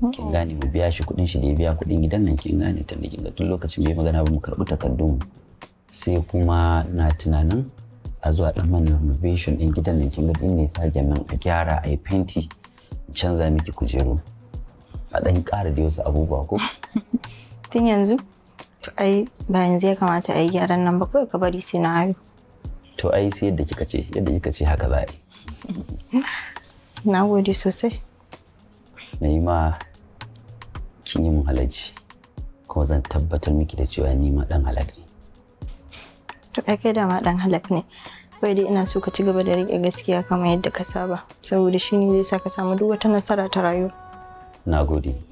mu kin mm. gane mu biya shi kuɗin shi da ya biya kuɗin gidan nan kin gane tunda kin ga tun lokacin bai magana ba mu karɓi takardun sai kuma na tunanin a zuwa dan man renovation din gidan nan kin ga din ne sake nan a gyara a yi fenti canza miki kujeru a ɗan ƙara da wasu abubuwa ko tun yanzu Ai ba yanzu ya kamata a yi gyaran nan ba kawai ka bari sai na hayo. To ai sai yadda kika ce yadda kika ce haka za a yi. Na gode sosai. Na yi ma kin yi mun halarci kuma zan tabbatar miki da cewa ni ma dan halak ne. To ai kai da ma dan halak ne. Kawai dai ina so ka ci gaba da riƙe gaskiya kamar yadda ka saba saboda shi ne zai sa ka samu duk wata nasara ta rayuwa. Na gode.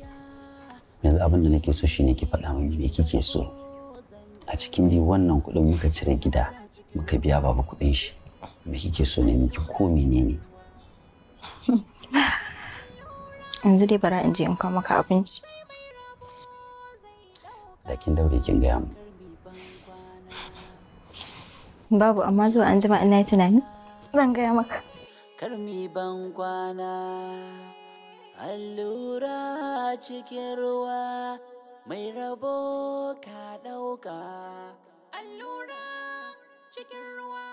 yanzu abin da nake so shine ki faɗa min me kike so a cikin dai wannan kuɗin muka cire gida muka biya baba kuɗin shi me kike so ne miki ko menene yanzu dai bara in je in kawo maka abinci da kin daure kin gaya mu babu amma zuwa an jima ina tunani zan gaya maka karmi ban kwana allura cikin ruwa mai rabo ka ɗauka allura cikin ruwa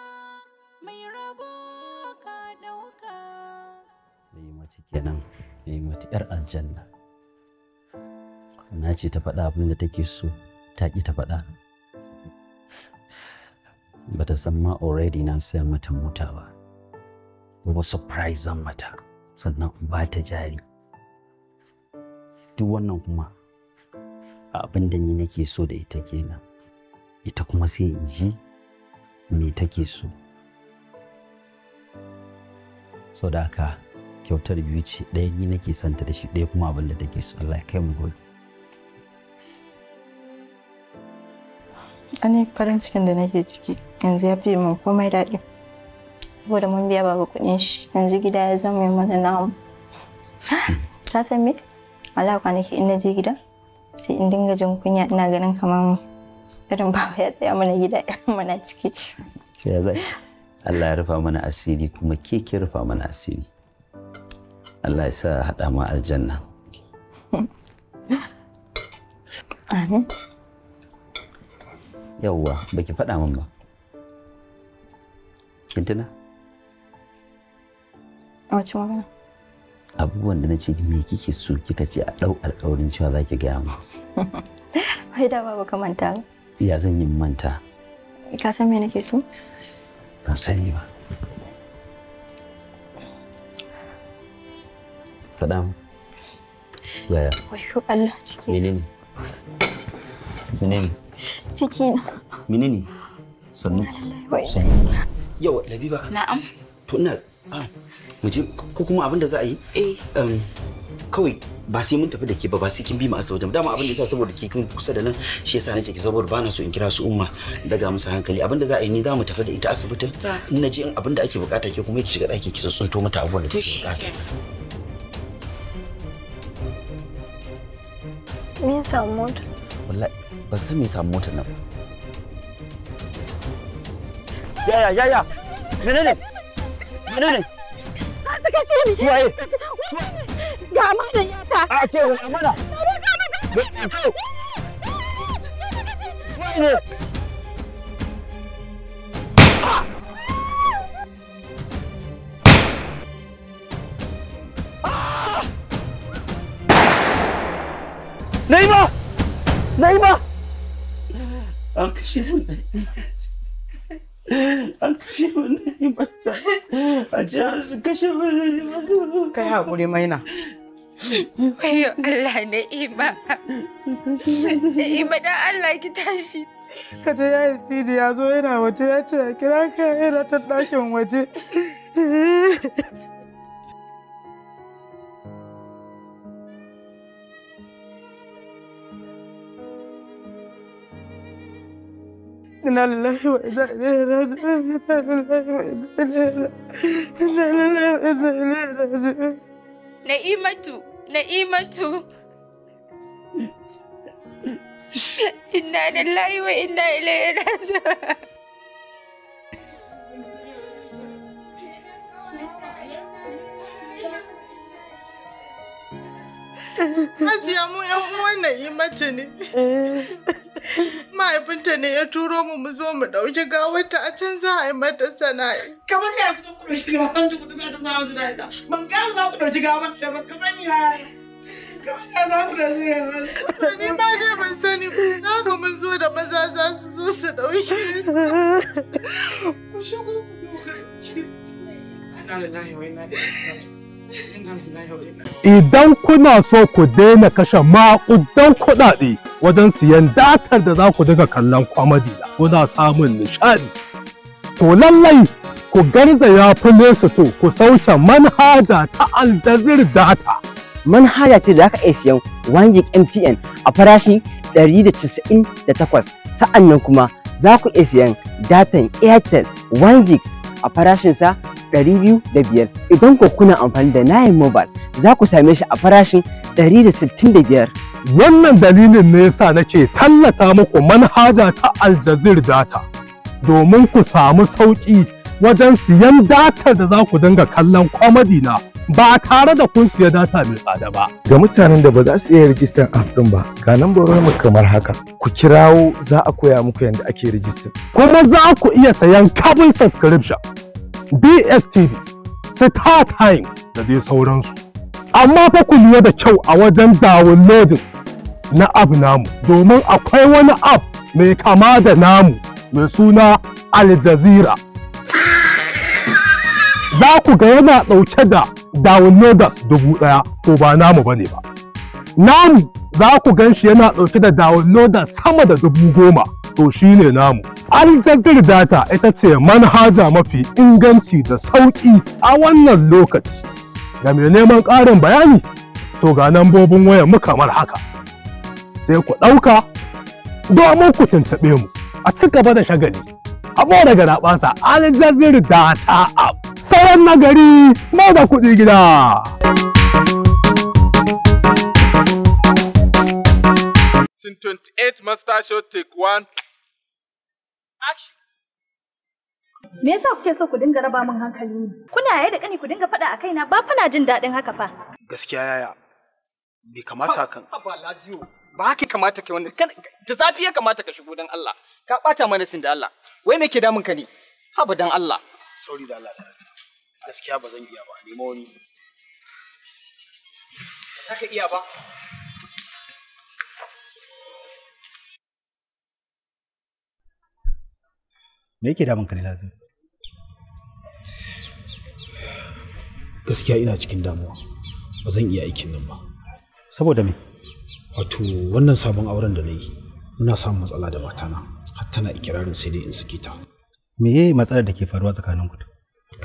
mai rabo ka ɗauka mai mace kenan mai mace yar aljanna na ce ta faɗa abinda take so ta ƙi ta faɗa bata san ma already na saya mata mota ba kuma surprise zan mata sannan ba ta jari duk wannan kuma a abin da ni nake so da ita kenan ita kuma sai in ji me take so sau da haka kyautar biyu ce ɗaya ni nake santa da shi ɗaya kuma abin da take so Allah ya kai mu gobe ani farin cikin da nake ciki yanzu ya fi min komai daɗi saboda mun biya baba kuɗin shi yanzu gida ya zama mana namu ta hmm. san me wala ke in je gida sai in dinga jin kunya ina ganin kamar irin baba ya tsaya mana gida irin mana ciki ya Allah ya rufa mana asiri kuma ke ki rufa mana asiri Allah ya sa haɗa ma aljanna amin yawwa baki faɗa min ba kin a wace magana abubuwan da na ce me kike so kika ce a ɗau alƙawarin cewa za ki gaya mu. Wai da babu ka manta. Ya zan yi manta. Ka san me nake so? Ban sani ba. Faɗa mu. Yaya? wasu Allah ciki. Menene? Menene? Ciki na. Menene? Sannu. Sannu. Yawa, Labiba. Na'am. To ina. Ah, mu je ko kuma abin da za a yi eh. kawai ba sai mun tafi da ke ba ba sai kin bi mu asa wajen dama abin da yasa saboda ke kin kusa da nan shi yasa nace ki saboda bana so in kira su umma daga musu hankali abin da za a yi ni za mu tafi da ita asibitin in na je in abin da ake bukata ke kuma ki shiga ɗakin ki to mata abubuwan da ke bukata me ya samu mota wallahi ban san me ya samu mota nan yaya yaya menene menene suka ce ni ga ya a ke amana suwaye Naima! Naima! a kashe wannan masa a har su kashe wannan masa kai haƙuri maina wayo Allah na ima na ima dan Allah ki tashi ka ta ya sidi ya zo yana waje ya ce kira ka yana ta ɗakin waje إنا لله وإنا إليه راجعون إنا لله وإنا إليه إنا لله وإنا إليه راجعون نعيمة نعيمة إنا لله وإنا إليه راجعون Hajiya mu 'yan uwan Na'imatu ne. mahaifinta ne ya turo mu mu zo mu ɗauki gawarta a can za a yi mata sana'i. Kamar ya fito ku ɗauki gawar da ku tafi a kan da ita. Ban gara za ku ɗauki gawar da ba ka sani yaya. Kamar ya za ku ɗauki gawar. Ni ba dai ban sani ba. Na ga mun zo da maza za su zo su ɗauki. Ku shigo ku zo ka. Ana da lahi wai na Idan kuna so ku daina kashe maƙudan kuɗaɗe wajen siyan datar da za ku daga kallon kwamadi na kuna samun nishaɗi. To lallai ku garza fi Play to ku sauke manhaja ta aljazir Data. Manhaja ce da aka iya siyan 1 gig MTN a farashin 198 sa'annan kuma za ku iya siyan datan Airtel 1 a farashinsa biyar, idan ku kuna amfani da Nine Mobile za ku same shi a farashin biyar. Wannan dalilin ne yasa nake tallata muku manhaja ta Aljazeera data domin ku samu sauƙi wajen siyan data da za ku dinga kallon kwamadi na ba tare da kun siya data mai tsada ba. Ga mutanen da ba za su iya rijistar app ba, ga lambarin mu kamar haka. Ku kirawo za a koya muku yadda ake rijistar. Kuma za ku iya sayan kabin subscription. dstv star time da dai sauransu amma fa ku lura da kyau a wajen downloading na app namu domin akwai wani app mai kama da namu mai suna al jazeera za ku ga yana ɗauke da downloaders dubu ɗaya ko ba namu ba ne ba. Namu za ku gan shi yana ɗauke da downloaders sama da dubu goma to shi ne namu. Alexander Data ita ce manhaja mafi inganci da sauƙi a wannan lokaci. Ga mai neman ƙarin bayani, to ga lambobin wayar mu kamar haka. Sai ku ɗauka domin ku tuntuɓe mu a ci gaba da shagali. Abo daga raɓasa Alexander Data app. Sauran nagari mai da kuɗi gida. Since 28 Master Show, take one. Me yasa kuke so ku dinga raba min hankali ne? Kuna yaya da kani ku dinga faɗa a kaina ba fa jin daɗin haka fa. Gaskiya yaya. Bai kamata kan. Ba Lazio. Ba haka kamata kai wanda Da zafi ya kamata ka shigo dan Allah. Ka ɓata mana sin da Allah. Wai me ke damun ka ne? Haba dan Allah. Sorry da Allah da Gaskiya ba zan iya ba. Nemo wani. ka iya ba. me yake damun ka ne lazim gaskiya ina cikin damuwa ba zan iya aikin nan ba saboda me wato wannan sabon auren da na yi muna samun matsala da matana har tana ikirarin sai dai in saki ta me yayi matsalar da ke faruwa tsakanin ku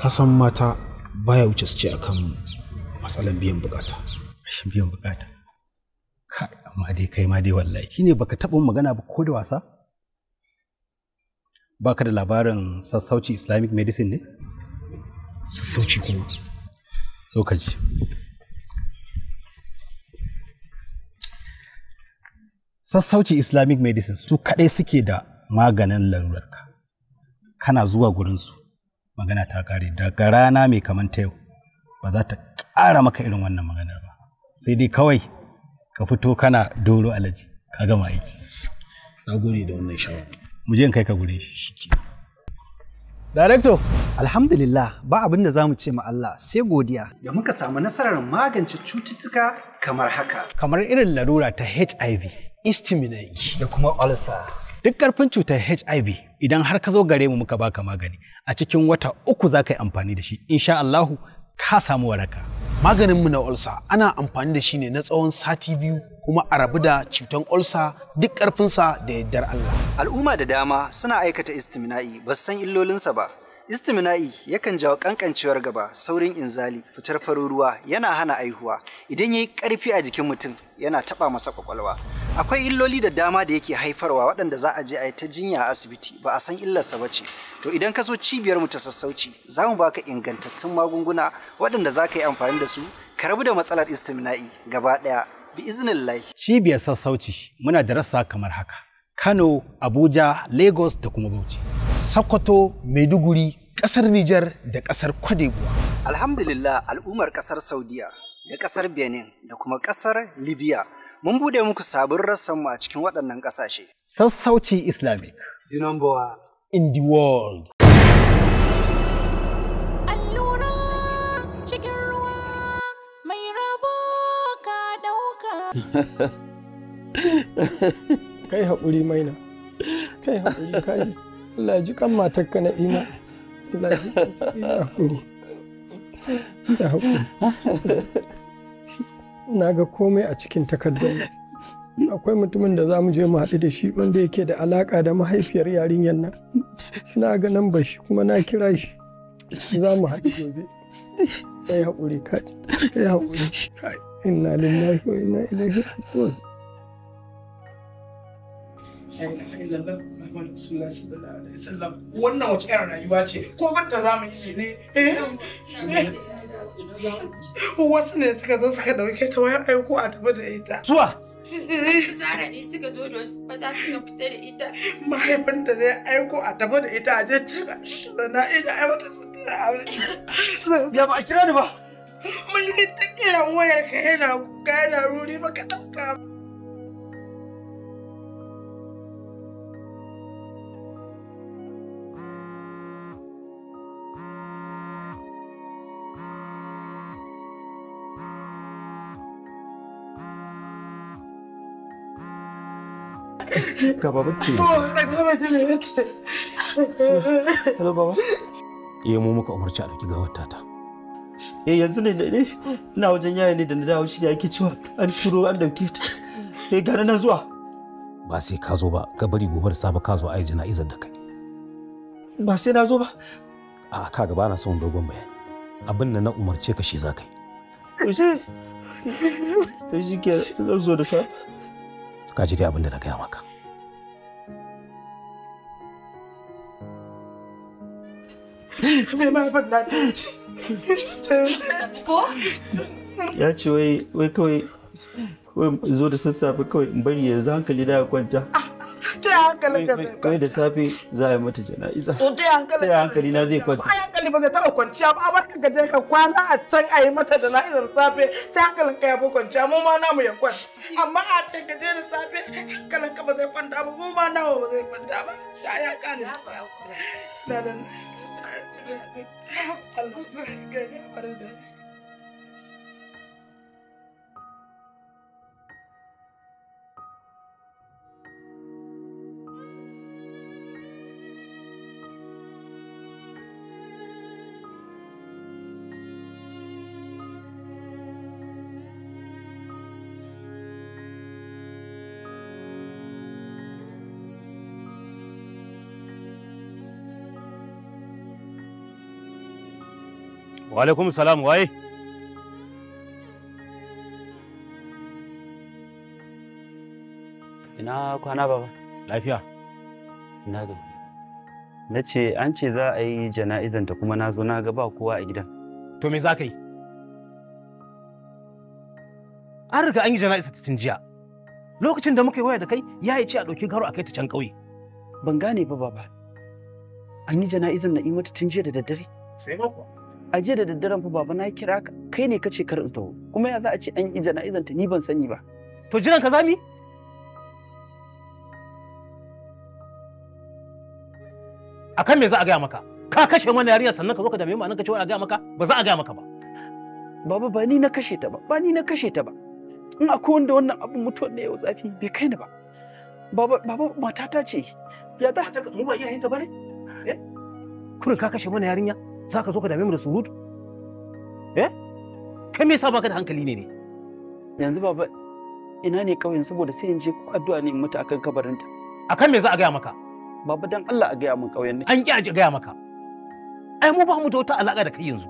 ka san mata baya wuce su ce akan matsalar biyan bukata shin biyan bukata amma dai kai ma dai wallahi shine baka taɓa magana ba ko da wasa baka da labarin sassauci islamic medicine ne sassauci kuma lokaci sassauci islamic medicine su kadai suke da maganin larurarka kana zuwa gurinsu magana ta kare daga rana mai kaman ta yau ba za ta ƙara maka irin wannan maganar ba sai dai kawai ka fito kana doro alaji ka gama aiki na gode da wannan shawara mu je in kai ka gure shi Director, alhamdulillah ba abin da za mu ce ma Allah sai godiya. Da muka samu nasarar magance cututtuka kamar haka. Kamar irin larura ta HIV, istiminai da kuma ulcer. Duk karfin cutar HIV idan har ka zo gare mu muka baka magani a cikin wata uku za ka yi amfani da shi insha Allah ka samu waraka. maganin mu na ulcer ana amfani da shi ne na tsawon sati biyu kuma a rabu da cutan olsa duk ƙarfinsa da yardar Allah. Al'umma da dama suna aikata istimina'i ba san illolinsa ba. Istimina'i yakan jawo kankancewar gaba, saurin inzali, fitar farin ruwa, yana hana aihuwa. Idan ya yi ƙarfi a jikin mutum, yana taɓa masa ƙwaƙwalwa. Akwai illoli da dama da yake haifarwa waɗanda za a je a yi ta jinya a asibiti, ba a san illarsa ba ce. To idan ka zo cibiyar mu ta sassauci, za mu baka ingantattun magunguna waɗanda za ka yi amfani da su, ka rabu da matsalar istimina'i gaba ɗaya. bi iznillahi cibiyar sassauci muna da rasa kamar haka kano abuja lagos da kuma bauchi sokoto maiduguri kasar nijar da kasar kwadebuwa alhamdulillah al'ummar kasar saudiya da kasar benin da kuma kasar libya mun bude muku sabon rassanmu a cikin waɗannan ƙasashe sassauci islamic the number in the world kai haƙuri maina kai haƙuri kaji Allah ji kan matarka na ina Allah ji kan haƙuri da haƙuri na ga komai a cikin takardar akwai mutumin da za mu je mu haɗu da shi wanda yake da alaƙa da mahaifiyar yarinyar nan na ga nan ba shi kuma na kira shi za mu haɗu gobe kai haƙuri kaji kai haƙuri inna lillahi wa inna ilaihi raji'un wannan wace irin rayuwa ce ko ban ta zamu yi ne eh? wasu ne suka zo suka dauke ta wayar aiko a tafi da ita zuwa Zara ne suka zo da wasu maza suka fita da ita. Mahaifinta ne aiko a tafi da ita a je cin na ina aiwata su tara abinci. Ya ba a kira ni ba. mulinditikira mwoyo likaenda kukaenda ruli makatoka Kak Baba cik. Kak oh, Baba ni. Hello Baba. Ia mumu kau mercak lagi gawat datang. eh yanzu ne ne ina wajen yaya ne da na dawo shi ne ake cewa an turo an dauke ta eh gani na zuwa ba sai ka zo ba ka bari gobe da safe ka zo ai jana'izar da kai ba sai na zo ba a ka gaba na son dogon bayani abin da na umarce ka shi za ka yi to shi ke zan zo da safe ka ji dai abin da na gaya maka Mai mahaifar na ta wuce. ko ya ce wai kawai wai zo da sassafe kawai in bari yanzu hankali da ya kwanta ta hankali da kwanta da safe za a yi mata jana'iza to ta hankali na zai kwanta ai hankali ba zai taɓa kwanciya ba a barka ka je ka kwana a can a yi mata jana'izar safe sai hankalin ka ya fi kwanciya mu ma namu ya kwanta amma a ce ka je da safe hankalin ka ba zai kwanta ba mu ma namu ba zai kwanta ba ya ya kare na da الله يبارك يا برادر Wa salam waye? Ina kwana baba. Lafiya. Ina da. Na ce an ce za a yi jana'izanta kuma na zo na ga ba kowa a gidan. To me za ka yi? An riga an yi ta tun jiya. Lokacin da muka yi waya da kai ya yi ce a ɗauki garo a kai ta can ƙauye. Ban gane ba baba. An yi jana'izan Na'imatu tun jiya da daddare. Sai ba kuwa. a jiya da daddaren fa baba na kira ka kai ne kace kar in taho kuma ya za a ce an yi jana'izar ta ni ban sani ba to jiran ka zami akan me za a gaya maka ka kashe mana yarinya sannan ka zo ka dame mu anan ka ce wani a gaya maka ba za a gaya maka ba baba ba ni na kashe ta ba ba ni na kashe ta ba in akwai wanda wannan abin mutuwar ne yau tsafi bai kai ni ba baba baba matata ce ya ta mu ba ta ba ne eh? kurin ka kashe mana yarinya za ka zo ka dame mu da surutu eh kai me yasa baka da hankali ne ne yanzu baba ina ne kauyen saboda sai in je addu'a ne in mutu akan kabarinta akan me za a gaya maka baba dan Allah a gaya min kauyen ne an ki a gaya maka ai mu ba mu da wata alaka da kai yanzu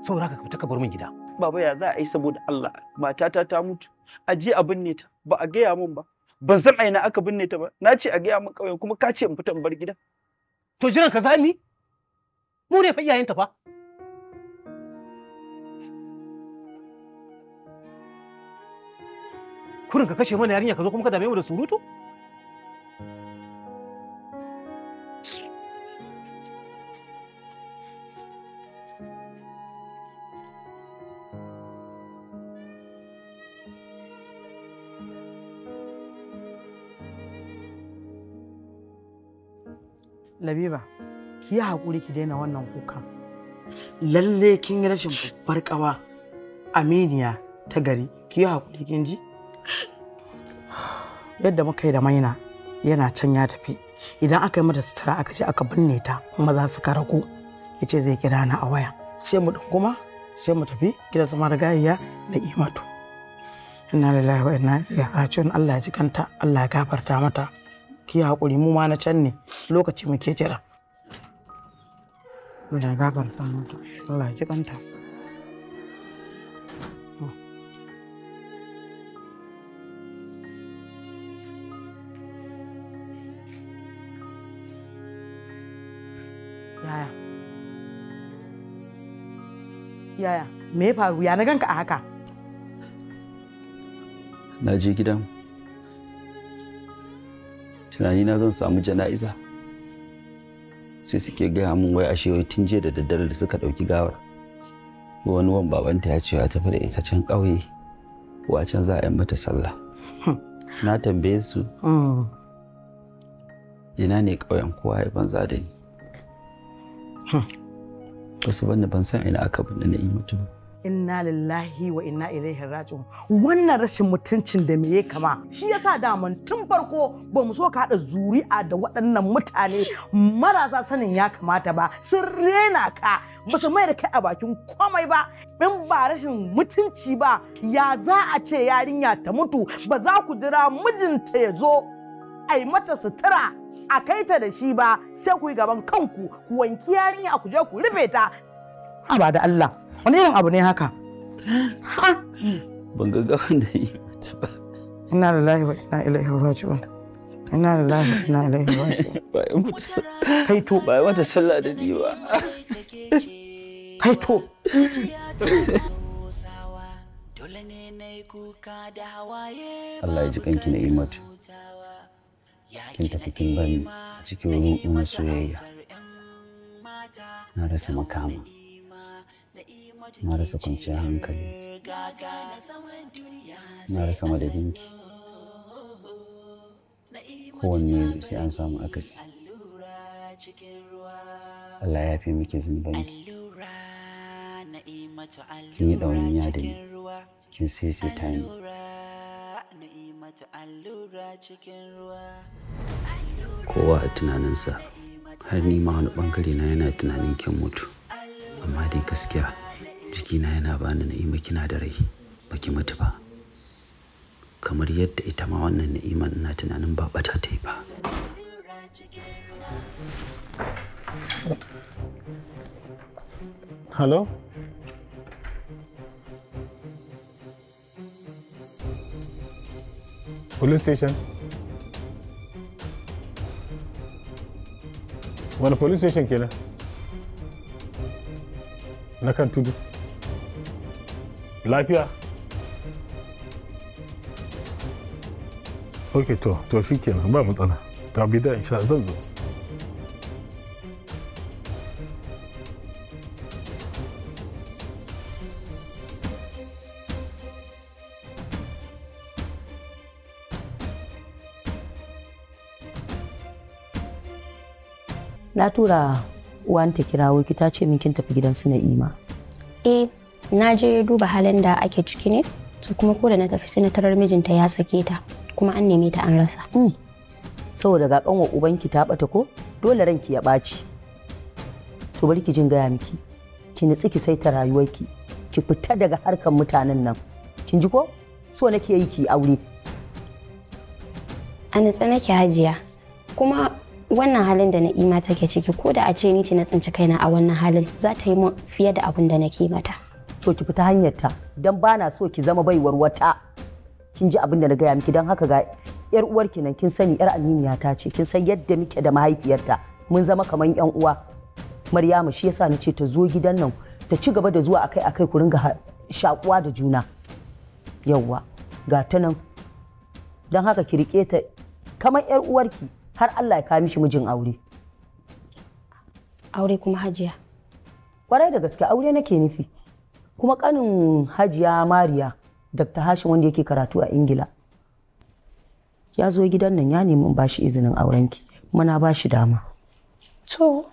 saboda ka fita ka bar min gida baba ya za a yi saboda Allah matata ta mutu a je a binne ta ba a gaya min ba ban san aina aka binne ta ba na ce a gaya min kauyen kuma ka ce in fita in bar gida to jiran ka zami mu fa iyayenta fa kurin ka kashe mana yarinya ka zo kuma ka dame mu da surutu Labiba. ki yi haƙuri ki daina wannan kuka lalle kin yi rashin babbar aminiya ta gari ki yi haƙuri kin ji yadda muka yi da maina yana can ya tafi idan aka yi mata sutura aka ce aka binne ta kuma za su karaku ya ce zai kira na a waya sai mu kuma sai mu tafi gidan su marigayiya na imatu ina Ina wa ina ilaihi Allah ya ji kanta Allah ya gafarta mata ki haƙuri mu ma na can ne lokaci muke jira Allah ya gafarta Allah ya ji yaya me faru ya na ganka a haka na je gidan tunani na zan samu jana'iza sai suke gaya mun wai ashe wai tun jiya da daddare da suka ɗauki gawar wani wan babanta ya ce ya tafi da ita can ƙauye wacan za a yi mata sallah hmm. na tambaye su hmm. ina ne ƙauyen kowa ya banza da ni hmm. wasu ban ban san ina aka bin na yi mutum inna lillahi wa inna ilaihi raji'un wannan rashin mutuncin da me ya kama shi yasa da tun farko ba mu so ka haɗa zuri'a da waɗannan mutane marasa sanin ya kamata ba sun rena ka ba su mai da kai a bakin komai ba in ba rashin mutunci ba ya za a ce yarinya ta mutu ba za ku jira mijinta ya zo a yi mata sutura a kai ta da shi ba sai ku yi gaban kanku ku wanki yarinya ku je ku rufe ta ba da Allah wani irin abu ne haka ban ga wanda da yi mata ba inna lillahi wa inna ilaihi raji'un inna Ina wa inna ilaihi raji'un ba ya mutu kai to ba yi mata sallah da ni ba kai to Allah ya ji kanki na imatu kin tafi kin bani cikin ruɗu na soyayya na rasa makama na rasa kwanciyar hankali na rasa madadinki kowanne sai an samu akasi Allah ya fi miki zunubanki kin yi ɗawainiya da ni kin ta yi kowa a tunaninsa har ni ma wani bangare na yana tunanin kin mutu amma dai gaskiya jikina yana ni na'ima kina da rai baki mutu ba kamar yadda ita ma wannan na'iman ina tunanin ba bata ta yi ba Hello? Police station? Wani police station kenan? Na kan tudu. lafiya ok to to shi kenan ba matsala mit bi da insha ich zo na tura Natura, ta kira, wikitache ta ce ima. kin gidan na je duba halin da ake ciki ne to kuma ko da na tafi sai na tarar mijinta ya sake ta kuma an neme ta an rasa hmm. saboda ga kanwa ubanki ta bata ko dole ranki ya ɓaci to bari ki jin gaya miki ki nutsi ki saita rayuwarki ki fita daga harkan mutanen nan kin ji ko so nake yi ki aure a nutsa nake hajiya kuma wannan halin da na'ima take ciki ko da a ce ni ce na tsinci kaina a wannan halin za ta yi min fiye da abun da nake mata to ki fita hanyarta ta ba na so ki zama baiwar wata kin ji abin da na gaya miki don haka ga yar uwar ki nan kin sani yar aminiya ta ce kin san yadda muke da mahaifiyarta mun zama kaman yan uwa Maryamu shi yasa nace ta zo gidan nan ta ci gaba da zuwa akai akai ku ringa shakuwa da juna yawwa ga ta nan don haka ki rike ta kamar yar uwarki har Allah ya kawo miki mijin aure aure kuma hajiya kwarai da gaske aure nake nufi kuma kanin hajiya mariya dr hashim wanda yake karatu a ingila ya zo gidan nan ya nemi in shi izinin aurenki muna shi dama to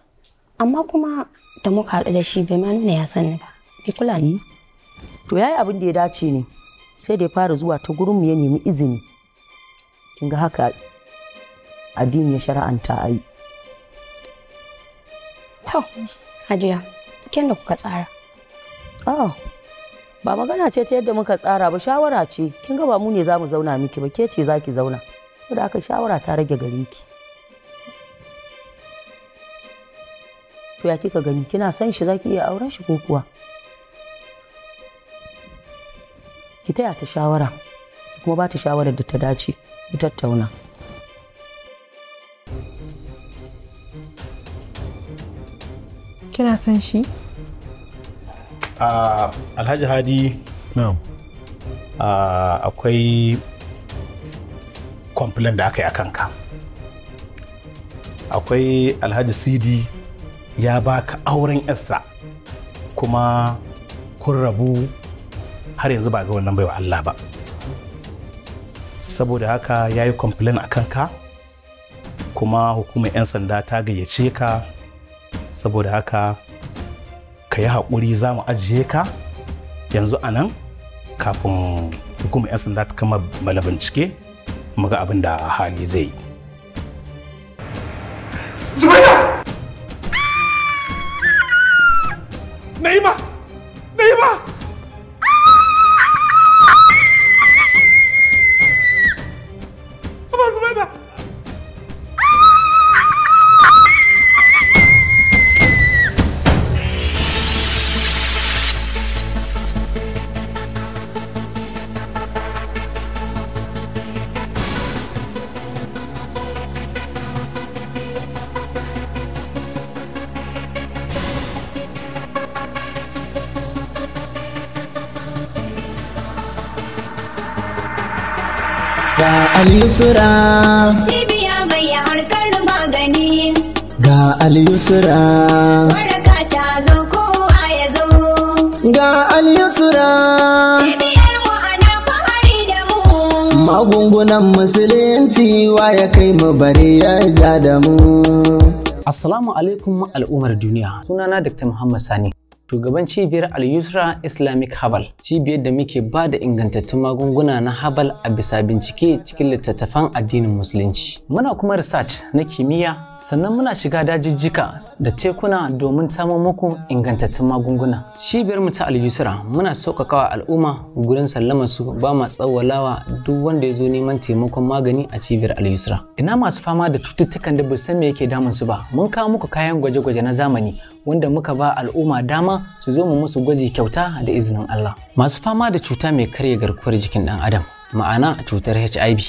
amma kuma da muka haɗu da shi bai ma nuna ya sani ba ki kula ni to yayi abin da ya dace ne sai da ya fara zuwa ta gurinmu ya nemi izini kin ga haka addini ya shara'anta a yi to hajiya kin da kuka tsara Ah, ba magana ce ta yadda muka tsara ba shawara ce kin ga ba mu ne za mu zauna miki ba ke ce za ki zauna saboda aka shawara ta rage gare ki to ya kika gani kina san shi za ki iya auren shi ko kuwa ki taya ta shawara kuma ba ta shawarar da ta dace ki tattauna kina san shi a alhaji hadi akwai complain da aka yi a kanka akwai alhaji cd ya baka auren yarsa kuma kun rabu har yanzu ba ga wannan baiwa Allah ba saboda haka ya yi complain a kanka kuma hukumar 'yan sanda ta gayyace ka saboda haka ka yi haƙuri za mu ajiye ka yanzu a nan kafin hukumar 'yan sanda ta kama mana bincike muga abin da hali zai yi. Zubaida! Na'ima! al-yusra cibiya mai harkar magani ga al-yusra ta zo a ya zo ga al cibiyar mu ana fahari da mu magungunan musulunci wa ya kai mu bare ya ja da mu Assalamu alaikum al'ummar duniya. Sunana Dr. Muhammad Sani. shugaban cibiyar al-yusra islamic habal cibiyar da muke ba da ingantattun magunguna na habal a bisa bincike cikin littattafan addinin musulunci muna kuma research na kimiyya sannan muna shiga dajijjika da tekuna domin samo muku ingantattun magunguna Shibiyar mu ta alyusra muna sauƙaƙawa al'umma gurin sallamar su ba ma tsawalawa duk wanda ya zo neman taimakon magani a cibiyar alyusra ina masu fama da cututtukan da bai san me yake damun su ba mun kawo muku kayan gwaje-gwaje na zamani wanda muka ba al'umma dama su zo mu musu gwaji kyauta da izinin Allah masu fama da cuta mai karya garkuwar jikin ɗan adam ma'ana cutar HIV.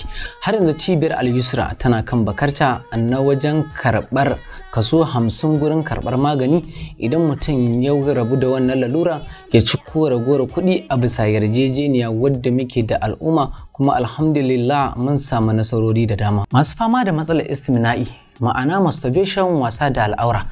Har yanzu cibiyar Al-Yusra tana kan bakarta na wajen karɓar kaso hamsin gurin karɓar magani idan mutum ya rabu da wannan lalura ya ci ko ragowar kuɗi a bisa yarjejeniya wadda muke da al'umma kuma alhamdulillah mun samu nasarori da dama. Masu fama da matsalar istimina'i ma'ana masturbation wasa da al'aura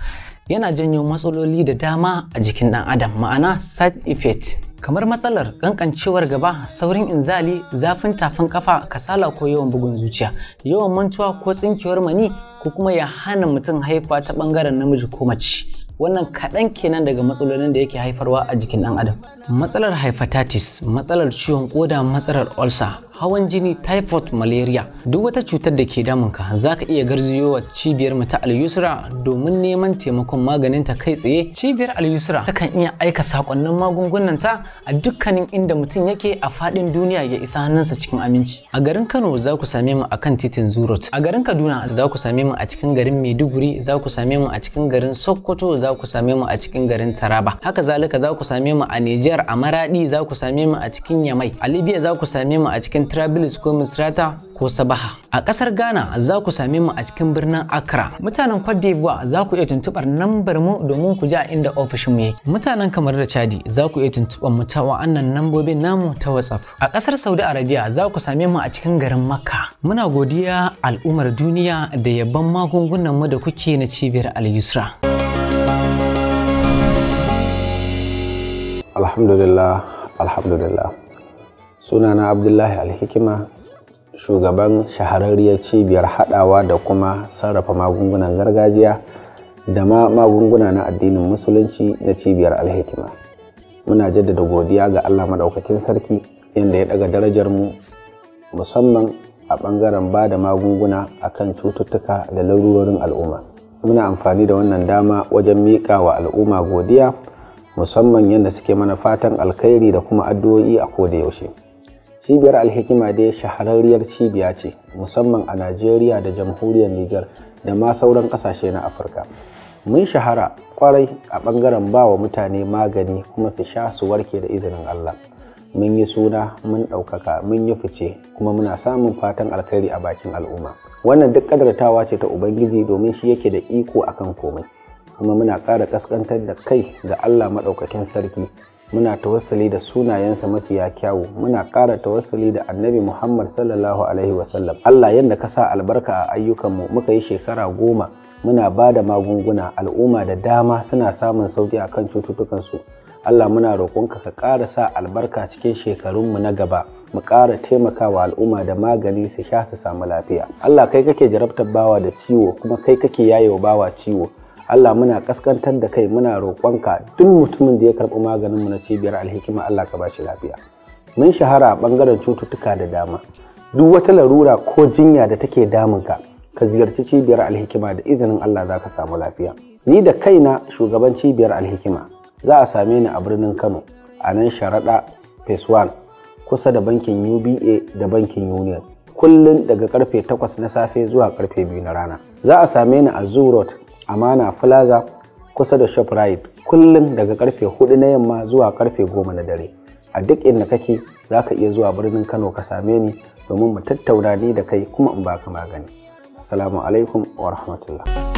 yana janyo matsaloli da dama a jikin ɗan adam ma'ana side effect kamar matsalar kankancewar gaba saurin inzali zafin tafin kafa kasala ko yawan bugun zuciya yawan mantuwa ko tsinkewar mani ko kuma ya hana mutum haifa ta bangaren namiji ko mace wannan kaɗan kenan daga matsalolin da yake haifarwa a jikin ɗan adam matsalar hepatitis matsalar ciwon koda matsalar ulcer hawan jini typhoid malaria duk wata cutar da ke damunka za ka iya garziyowa cibiyar mu ta al-yusra domin neman taimakon maganin ta kai tsaye cibiyar al-yusra ta kan iya aika sakonnin magungunan ta a dukkanin inda mutum yake a fadin duniya ya isa hannunsa cikin aminci a garin kano za ku same mu akan titin zurot a garin kaduna za ku same mu a cikin garin maiduguri za ku same mu a cikin garin sokoto za ku same mu a cikin garin taraba haka zalika za ku same mu a nijar a maradi za ku same mu a cikin yamai a libya za ku same mu a cikin yankin ko Misrata ko Sabaha. A ƙasar Ghana za ku same mu a cikin birnin Accra. Mutanen Cote d'Ivoire za ku iya tuntuɓar nambar mu domin ku ji a inda ofishin mu yake. Mutanen kamar da Chadi za ku iya tuntuɓar mu ta wa'annan nambobin namu ta WhatsApp. A ƙasar Saudi Arabia za ku same mu a cikin garin Makka. Muna godiya al'ummar duniya da yabban magungunan mu da kuke na cibiyar Al-Yusra. Alhamdulillah, alhamdulillah. sunana abdullahi alhikima shugaban shahararriyar cibiyar hadawa da kuma sarrafa magungunan gargajiya da ma magunguna na addinin musulunci na cibiyar alhikima muna jaddada godiya ga allah maɗaukakin sarki yadda ya daga darajar mu musamman a ɓangaren ba da magunguna akan cututtuka da larurorin al'umma muna amfani da wannan dama wajen miƙa wa al'umma godiya musamman yadda suke mana fatan alkhairi da kuma addu'o'i a koda yaushe cibiyar alhikima dai shahararriyar cibiya ce musamman a najeriya da jamhuriyar niger da ma sauran kasashe na afirka mun shahara kwarai a bangaren ba wa mutane magani kuma su sha su warke da izinin allah mun yi suna mun ɗaukaka mun yi fice kuma muna samun fatan alkhairi a bakin al'umma wannan duk kadartawa ce ta ubangiji domin shi yake da iko akan komai kuma muna ƙara ƙasƙantar da kai ga allah maɗaukakin sarki muna tawassali da sunayensa mafiya kyawu muna ƙara tawassali da annabi muhammad sallallahu alaihi wasallam allah yadda ka sa albarka a ayyukanmu muka yi shekara goma muna ba da magunguna al'umma da dama suna samun sauki kan cututtukansu allah muna roƙonka ka ƙara sa albarka cikin shekarunmu na gaba mu ƙara taimakawa al'umma da magani su sha su samu lafiya allah kai kake jarabtar bawa da ciwo kuma kai kake yayewa bawa ciwo Allah muna kaskantar da kai muna roƙonka duk mutumin da ya karɓi maganin mu na cibiyar alhikima Allah ka ba shi lafiya mun shahara ɓangaren cututtuka da dama duk wata larura ko jinya da take damun ka ka ziyarci cibiyar alhikima da izinin Allah za ka samu lafiya ni da kaina shugaban cibiyar alhikima za a same ni a birnin Kano a nan sharaɗa phase 1 kusa da bankin UBA da bankin Union kullum daga karfe 8 na safe zuwa karfe 2 na rana za a same ni a Zoo Road amana plaza kusa da shoprite kullum daga karfe 4 na yamma zuwa karfe 10 na dare a duk inda kake za ka iya zuwa birnin kano ka same ni domin mu tattauna ni da kai kuma in baka magani assalamu alaikum wa rahmatullah